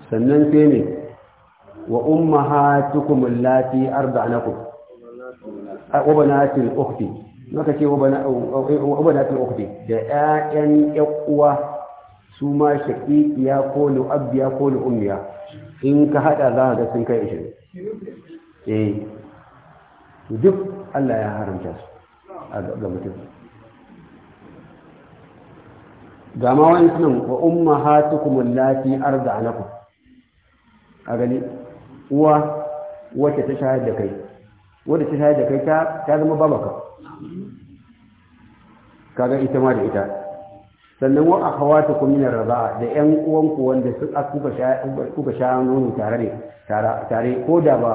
sannan sai ne wa umma ha tukumin lati arda anakun obanatin ukti maka ce obanatin ukti da ƴaƴan 'yan uwa su ma shaƙiƙiya ko lu'abbiya ko lu'ummiya in ka haɗa za a ga sun kai ishirin eh duk Allah ya haramta su ga mutum ga ma wani sunan wa umma hatukum allati arda'anakum a gani uwa wacce ta shayar da kai wadda ta shayar da kai ta zama babaka kaga ita ma da ita sannan wa akhawatu kum kuma ar raba da yan uwanku wanda suka kuka sha kuka nono tare ne tare ko da ba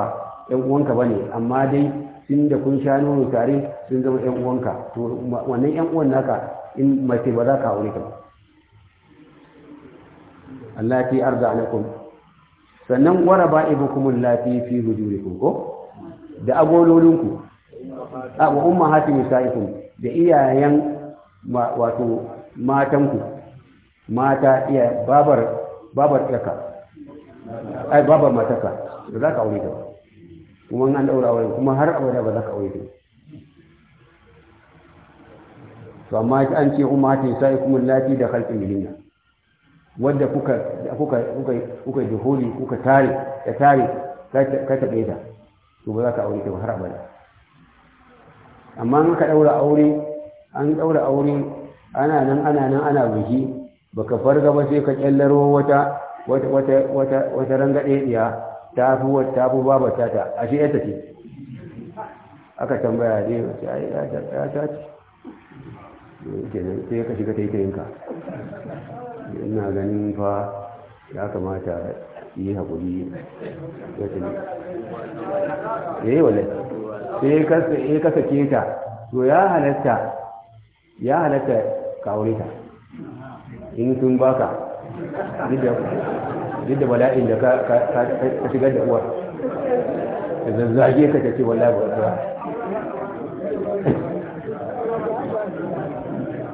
'yan uwanka ba ne, amma dai sun da kun sha nono tare sun zama 'yan uwanka to wannan 'yan uwan naka in mace ba za ka aure ka Allah ya arda alaikum sannan ibu kuma lafi fi hujurikum ko da agololinku a wa ummahati nisaikum da iyayen wato matanku mata iya babar babar ɗaka ai babar mataka da za ka aure ta kuma an daura aure kuma har abada ba za ka aure ta to amma an ce ummati sai kuma lati da khalqin bihinna wanda kuka kuka kuka kuka duhuli kuka tare da tare ka tabe ta to ba za ka aure ta har abada amma an ka daura aure an daura aure ana nan ana nan ana buki baka farga ba sai ka kyallaro wata wata wata wata wata rangade diya ta fi wata ta fi baba ta ashe yata ce aka tambaya ne wace ai ya ta ce kenan sai ka shiga taitayinka ina ganin fa ya kamata yi haƙuri wata ne eh, ya yi wale sai ya kasa keta to ya halatta ya halatta ka ta in sun baka duk da bala'in da ka shigar da uwar da zazzage ka ta ce wala ba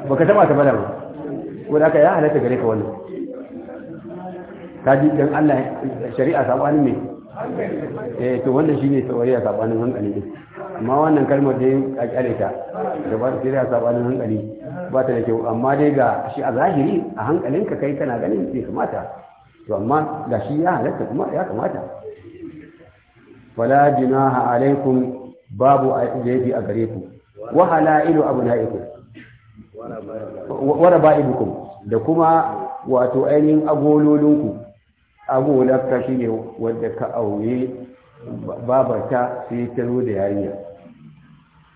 ba ka taba ta bada ba wadda aka ya halatta gare ka wani. ta ji don allah shari'a sabanin mai eh to wannan tsawari a sabanin hankali amma wannan kalmar da ya kyale ta da ba su shari'a sabanin hankali ba ta da kyau amma dai ga shi a zahiri a hankalinka kai kana ganin bai kamata to amma ga shi ya halatta kuma ya kamata fala jinaha alaikum babu laifi a gare ku wa halailu abnaikum wa rabaibukum da kuma wato ainihin agololunku agolarka shine wadda ka aure babarta sai ta zo da yarinya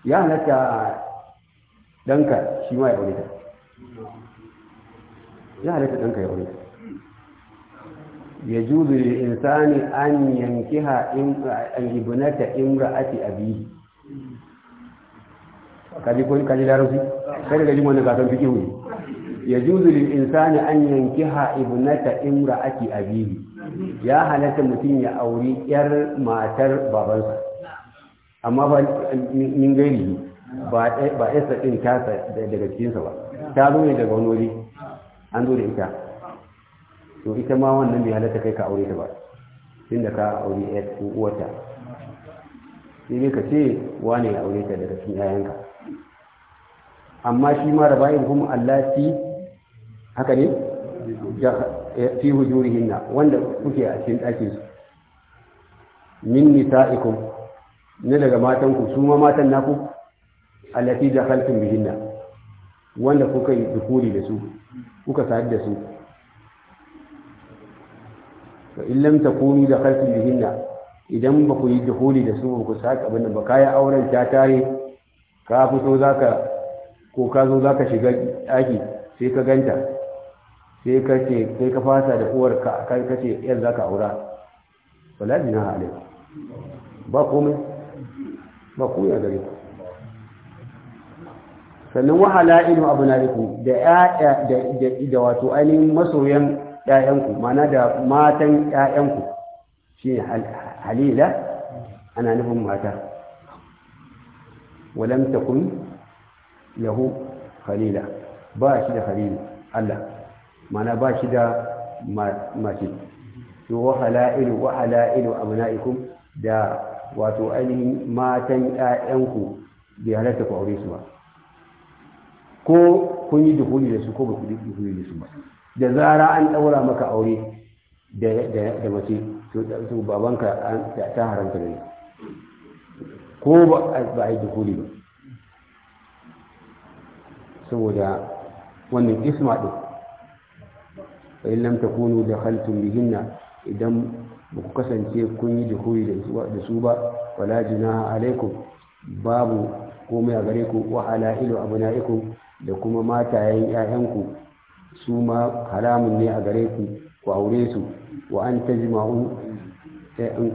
ya halatta danka shi ma ya aureta ya halatta danka ya aureta ya juzu da insani an ha an ibnata imra abihi kaji ko kaji larusi kai daga jin wannan kasan fiqh ne ya juzu da insani an yankiha ibnata imra'ati abiyi ya halatta mutum ya auri yar matar babansa amma ba min gairi ba esa ɗin tasa daga cikinsa ba ta zo ne daga wani wuri an zo da ita to ita ma wannan bai halatta kai ka aure ta ba tun da ka aure ya cikin uwata sai dai ka ce wane ya aure ta daga cikin yayanka amma shi ma da bayan kuma allati haka ne eh, fi hujurihinna wanda kuke a cikin ɗakin su min nisa'ikum ne daga ku su ma matan naku allati dakhaltum bihinna wanda kuka yi dukuri da su kuka sadu da su fa in lam takunu dakhaltum bihinna idan ba ku yi dukuri da su ku sadu abin da ba kayan auren ta tare ka fito zaka ko ka zo zaka shiga daki sai ka ganta sai ka ce sai ka fasa da uwar ka kai ka ce yan zaka aura wala dinaha alaikum ba komai ba ku a gare ku sannan wahala ilu abu na riku da da wato ainihin masoyan ƴaƴanku mana da matan ƴaƴanku shi halila ana nufin mata walam takun lahu halila ba shi da halila Allah mana ba shi da mace to wahala ilu wahala ilu abu na da wato ainihin matan ƴaƴanku da halatta ku aure su ba ko kun yi duhuli da su ko ba ku yi duhuli da su ba da zara an ɗaura maka aure da mace to babanka ta haramta da ko ba a yi duhuli ba saboda wannan isma ɗin in lam takunu dakhaltum bihinna idan ba ku kasance kun yi duhuri da su ba wala jina alaikum babu komai a gare ku wa halailu abnaikum da kuma matayen ‘ya'yanku su ma haramun ne a gare ku ku aure su wa an ta jima'u eh, um,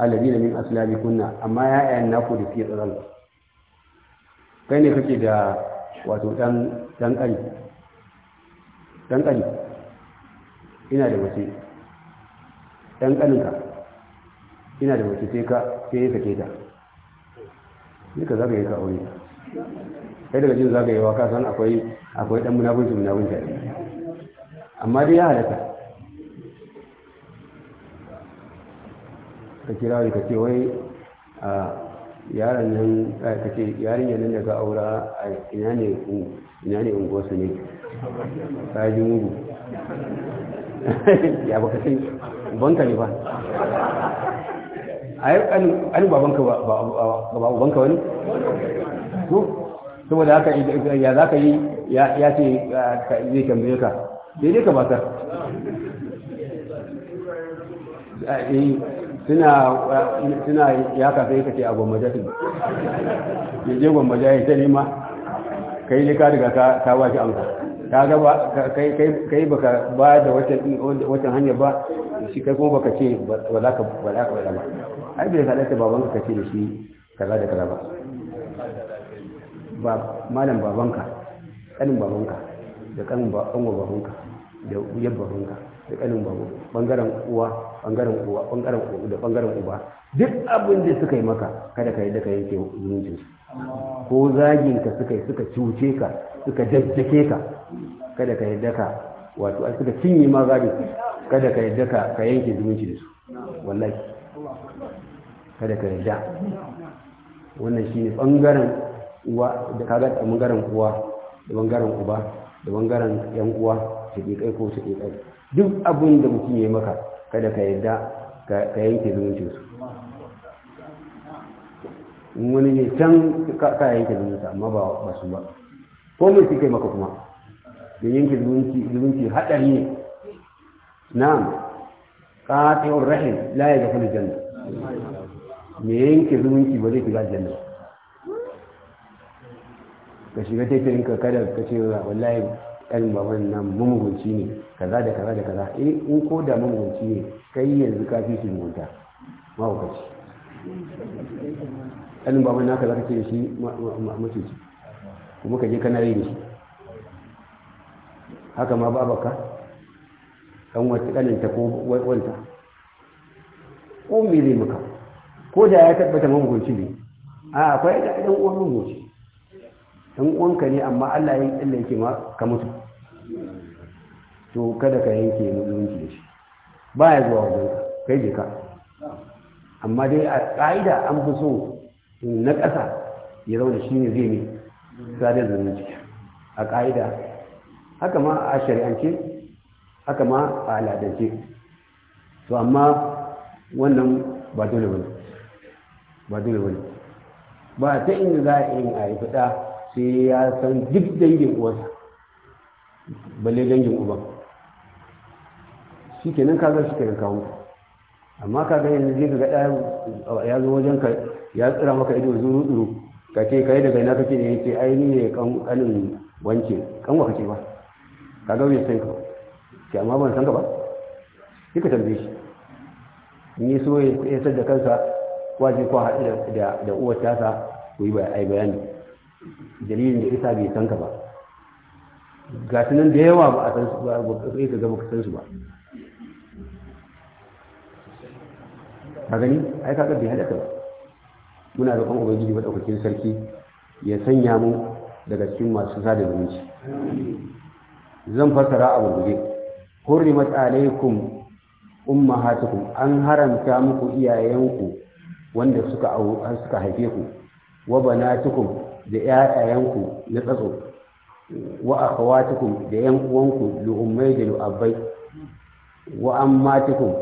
alabi da min asilabi kunna amma ‘ya'yan naku da fiye tsaron kai ne kake da wato ɗan ƙari ina da mace ɗan ƙaninka ina da mace sai ka sai ya sake ta ka zaka yi ka aure ta kai daga cikin zagaye wa san akwai akwai dan munafunci munafunci amma dai ya halatta ka kira wani ka ce wai a yaran nan ka yarin yanin da ka aura a ina ne ina ne ne ka mugu ya baka sai banka ne ba a yi ba babanka ba banka wani to saboda haka ya za ka yi ya ce zai tambaye ka daidai ka bakar eh, suna ya kasa yi kake a gwammaja su ya je gwammaja ya ta nema kai ne ka daga ka ba shi amsa ta gaba kai baka ba da wacan hanya ba shi kai kuma baka ce ba za ka ba ai bai halatta babanka ka ce da shi kaza da kaza ba malam babanka kanin babanka da kanin babanwa babanka da wuyar babanka da kanin babanka. bangaren uwa bangaren uwa bangaren uwa da bangaren uba duk abin da suka yi maka kada ka yi da ka yanke zumuncin ko zagin ka suka yi suka cuce ka suka jajjake ka kada ka yadda ka wato a suka cinye ma gado kada ka yadda ka ka yanke zumunci su wallahi kada ka yadda wannan shi ne bangaren uwa da kaga a bangaren uwa da bangaren uba da bangaren yan uwa su ke kai ko su ke kai duk abin da mutum ya maka kada ka yadda ka yanke zumuncin su wani ne can ka yanke zumunci amma ba su ba ko mai suke maka kuma da yanke zumunci haɗari ne na'am ƙatiyar rahim la kuma janna me yanke zumunci ba zai shiga janna ka shiga tafiyin ka kada ka ce wa wallahi ɗan baban nan mamugunci ne kaza da kaza da kaza eh in ko da mamugunci ne kai yanzu ka fi shi mugunta kaci ɗan baban naka za ka ce shi mutunci kuma ka je kana yi da shi haka ma ba baka ɗan wata ta ko wanta ko mili zai maka ko da ya tabbata mamugunci ne a akwai ɗan uwan mamugunci in uwanka ne amma Allah ya illa yake ma ka mutu to kada ka yanke mulunci da shi ba ya zuwa wajen ka kai je ka amma dai a ƙa'ida an fi so na ƙasa ya zauna shi ne zai ne sadar zumunci a ƙa'ida haka ma a shari'ance haka ma a al'adance to amma wannan ba dole ba ba dole ba ba ta inda za a yi a yi fita sai ya san duk dangin uwarsa balle dangin uban shi kenan kaga shi kenan kawo amma kaga yanzu zai ga ɗaya ya zo wajen ka ya tsira maka ido zuru zuru ka ce kai daga ina kake ne yace ai ni ne kanin wance kanwa kake ba kaga wuyan san ka ke amma ban san ka ba shi ka tambaye shi ni so ya sadda kansa waje ko haɗu da uwar tasa ku yi bayani dalilin da isa bai san ka ba ga su nan da yawa ba a san su ba a sai ka gaba kusan su ba Ba gani ai ka ga bai hada ba muna roƙon ubangiji ɗaukakin sarki ya sanya mu daga cikin masu sada zumunci zan fassara a gurguje hurrimat alaikum ummahatukum an haramta muku iyayenku wanda suka suka haife ku wa banatukum da ‘ya'yayenku na tsatso wa akhawatukum da ‘yan uwanku lu'ummai da lu'abbai wa ammatikum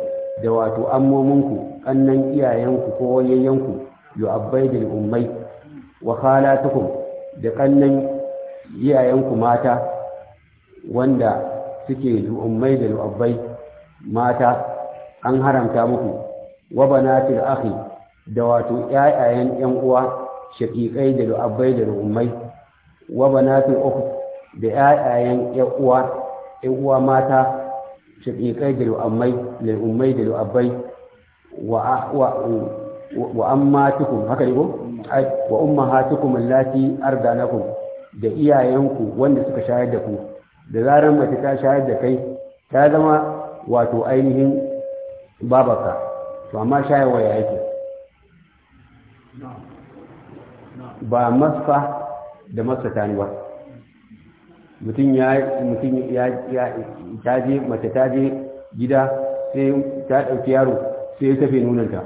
da wato ammominku ƙannan iyayenku ko wayayyanku lu'abbai da lu'ummai wa khalatukum da ƙannan iyayenku mata wanda suke lu'ummai da lu'abbai mata an haramta muku wa banatil akhi da wato ‘ya'yayen ‘yan uwa shaƙiƙai da lu'abbai da lu'ummai wa banatin uku da ƴaƴayen ƴan uwa mata shaƙiƙai da lu'ammai lu'ummai da lu'abbai wa wa ammatukum haka ne ko wa ummahatukum allati ardanakum da iyayenku wanda suka shayar da ku da zarar mace ta shayar da kai ta zama wato ainihin babaka to amma shayarwa ya yake ba masa da masa tani ba mutum ya taje ta je mace ta je gida sai ta ɗauki yaro sai ya tafe nunanta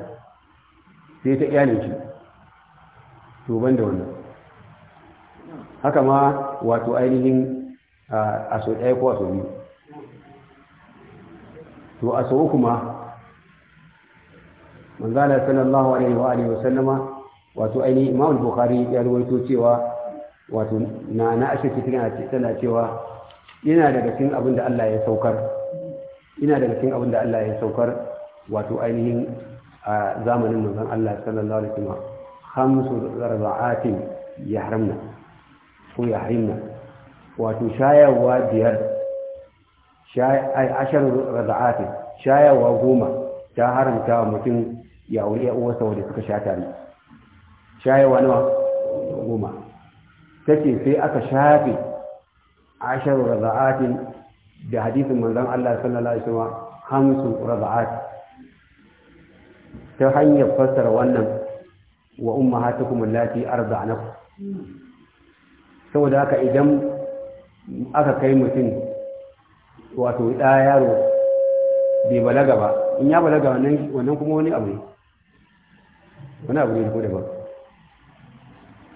sai ta iyalin shi to ban da wannan haka ma wato ainihin a sau ɗaya ko a sau biyu to a sau kuma manzana sallallahu alaihi wa alihi wa wato ainihin imam bukhari ya rawaito cewa wato na na ashirki tana cewa ina daga cikin abin da Allah ya saukar ina daga cikin abin da Allah ya saukar wato ainihin a zamanin manzon Allah sallallahu alaihi wasallam khamsu zarba'atin yahramna ko yahrimna wato shayarwa biyar shay ashar raza'atin shayarwa goma ta haramta mutum ya aure uwarsa wanda suka sha tare shayewa nawa goma Ta ce sai aka shafe ashirin raza'atin da hadisin manzan Allah sallallahu alaihi wasallam hamsu ta hanyar fassara wannan wa umma kuma ummahatukum allati arda'nakum saboda haka idan aka kai mutum wato da yaro bai balaga ba in ya balaga wannan kuma wani abu ne wani abu ne ko daban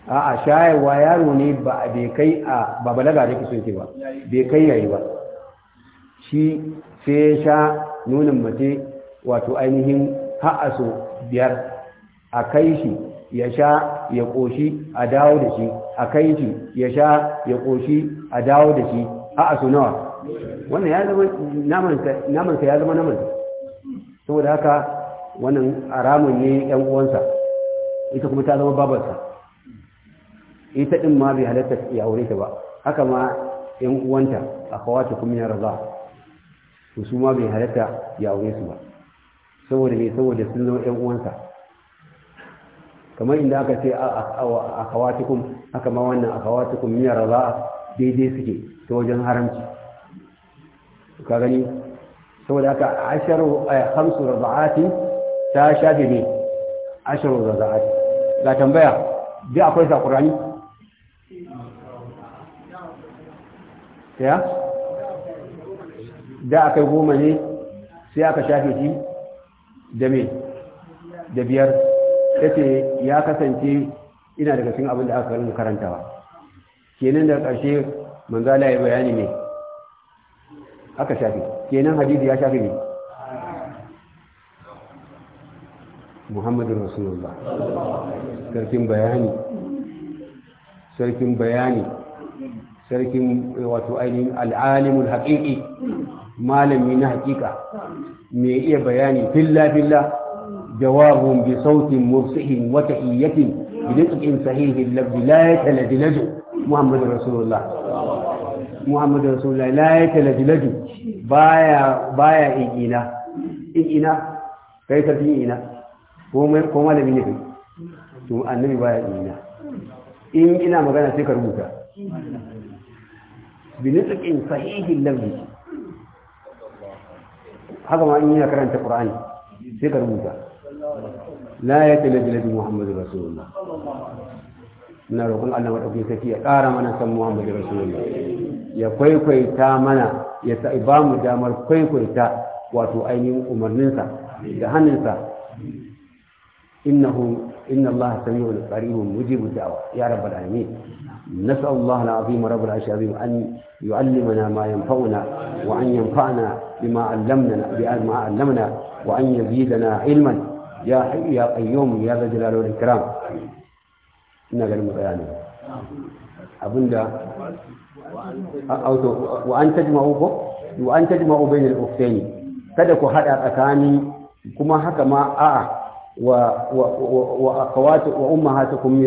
a'a shayarwa yaro ne ba a bai kai a ba balaga da kusa yake ba bai kai yayi ba shi sai ya sha nunin mace wato ainihin ha'aso biyar a kai shi ya sha ya koshi a dawo da shi a kai shi ya sha ya koshi a dawo da shi ha'aso nawa wannan ya zama namansa ya zama namansa saboda haka wannan aramun ne yan uwansa ita kuma ta zama babarsa ita din ma bai halatta ya aure ta ba haka ma yan uwanta akhawatu kum min arda to su ma bai halatta ya aure su ba saboda me saboda sun zama yan uwansa kamar inda aka ce kuma haka ma wannan kuma min raza daidai suke ta wajen haramci ka gani saboda haka asharu eh, khamsu rada'atin ta shafe ne asharu rada'atin ga tambaya bi akwai sa ya da aka goma ne sai aka shafe shi da me da biyar ya ya kasance ina daga cikin abin da aka karin karantawa kenan da ƙarshe manzala ya bayani ne aka shafe kenan hadisi ya shafe ne muhammadin rasulullah karfin bayani sarkin bayani sarkin eh, wato ainihin al'alimul haƙiƙi malami na haƙiƙa mai iya bayani filla-filla jawabun bi sautin mursihin wata iyatin bidikin sahihin labdi la ya taladilajo muhammadu rasulullah muhammadu rasulullah la ya taladilajo baya baya ina ina kai ka fi ina ko malami ne to annabi baya ina in ina magana sai ka rubuta binitsukin sahihin lafi haka ma in yana karanta Qur'ani sai ka rubuta la ya ce lafi lafi muhammadu rasulullah na roƙon allah maɗauki saki ya ƙara mana san muhammadu rasulullah ya kwaikwaita mana ya sa ba mu damar kwaikwaita wato ainihin umarninsa da hannunsa innahu إن الله سميع قريب مجيب الدعوة يا رب العالمين نسأل الله العظيم رب العرش العظيم أن يعلمنا ما ينفعنا وأن ينفعنا بما علمنا بما علمنا وأن يزيدنا علما يا حي يا قيوم يا ذا الجلال والإكرام إنا غير مغيانا أبندا وأن تجمعوا وأن تجمعوا بين الأختين تدكوا حدا haɗa كما kuma haka آه. وأخواتكم وأمهاتكم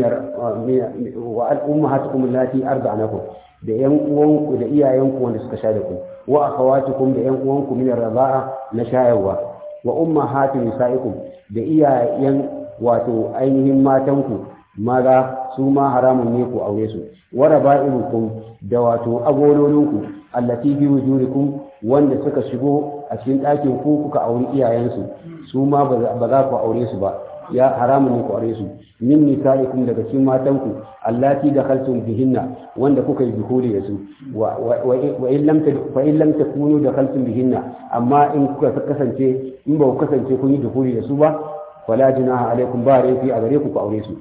وأمهاتكم التي أرضعنكم da ƴan uwanku da iyayenku wanda suka sha da ku wa akhawatukum da ƴan uwanku min arba'a na shayarwa wa ummahatu nisaikum da iyayen wato ainihin matanku maza su ma haramun ne ku aure su wa raba'ibukum da wato agololinku allati bi ku wanda suka shigo a cikin ɗakin ku kuka auri iyayensu su ma ba za ku aure su ba ya haramun ne ku aure su min nisa'ikum daga cikin matanku allati dakhaltum bihinna wanda kuka yi duhuri da su wa in lam fa in takunu dakhaltum bihinna amma in kuka kasance in ba ku kasance kun yi duhuri da su ba fala junaha alaikum ba rafi a gare ku ku aure su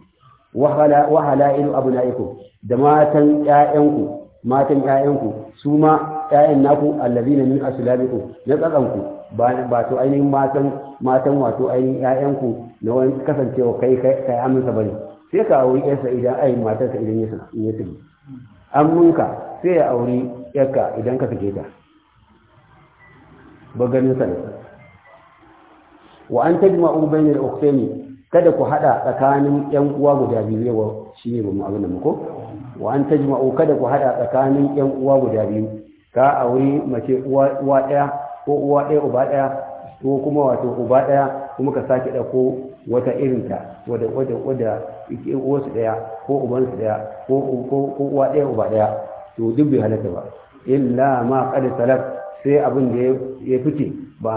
wahala hala wa halailu da matan ƴaƴanku matan ƴaƴanku su ma ƴaƴan naku allazina min aslabikum na tsakanku ba ba to ainihin matan matan wato ainihin ƴaƴanku na wani kasancewa kai kai kai aminsa bane sai ka auri ƴarsa idan ai matarsa idan ya ya tudu amminka sai ya auri ƴarka idan ka sake ta ba ganin sa wa an tajma'u bainal ukhtayn kada ku hada tsakanin ƴan uwa guda biyu yawa shine ba mu abin da muko wa an tajma'u kada ku hada tsakanin ƴan uwa guda biyu ka auri mace uwa ɗaya ko uwa ɗaya uba ɗaya ko kuma wato uba ɗaya kuma ka sake ɗauko wata irinta wadda wadda wadda uwarsu ɗaya ko ubansu ɗaya ko uwa ɗaya uba ɗaya to duk bai halatta ba illa ma kada salaf sai abin da ya fice ba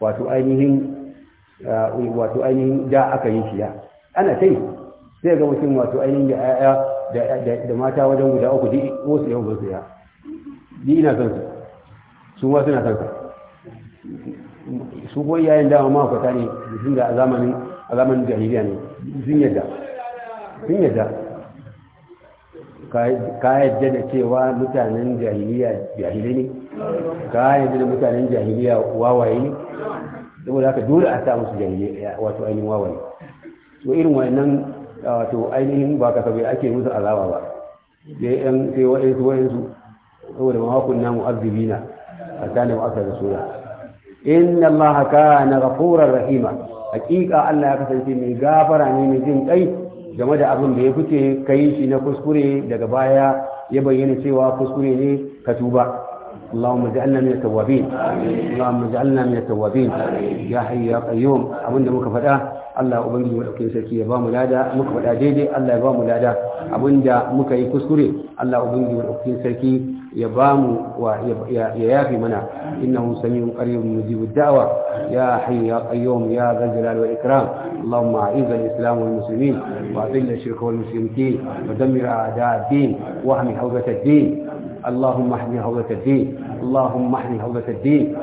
wato ainihin uh, wato ainihin da aka yi shi ya. ana sai sai ga mutum wato ainihin da da mata wajen guda uku duk wasu yau ba su ya dina ina son su su ma na son ka su goyi yayin dama ma kwata ne sun da zamanin a zamanin jahiliya ne sun yadda sun yadda ka yadda da cewa mutanen jahiliya jahili ne ka yadda da mutanen jahiliya wawaye ne saboda haka dole a sa musu jahiliya wato ainihin wawaye to irin wannan wato ainihin ba ka sabai ake musu alawa ba sai yan sai wa'insu wa'insu saboda ma kunna mu'azzibina tsakanin aka da sura inna allaha kana ghafurar rahima Haƙiƙa Allah ya kasance mai gafara ne mai jin kai game da abin da ya fice kai shi na kuskure daga baya ya bayyana cewa kuskure ne ka tuba اللهم اجعلنا من التوابين اللهم اجعلنا من التوابين يا حي يا قيوم muka faɗa Allah ubangiji madaukakin sarki ya ba mu lada muka faɗa daidai Allah ya ba mu lada abinda muka yi kuskure Allah ubangiji madaukakin sarki ya ba mu ya yafi mana innahu samiun mu mujibud da'wa ya hayyu ya qayyum ya dhal jalali wal ikram اللهم اعز الاسلام والمسلمين واذل الشرك والمشركين ودمر اعداء الدين واهم حوزه الدين اللهم احمي حوزه الدين اللهم احمي حوزه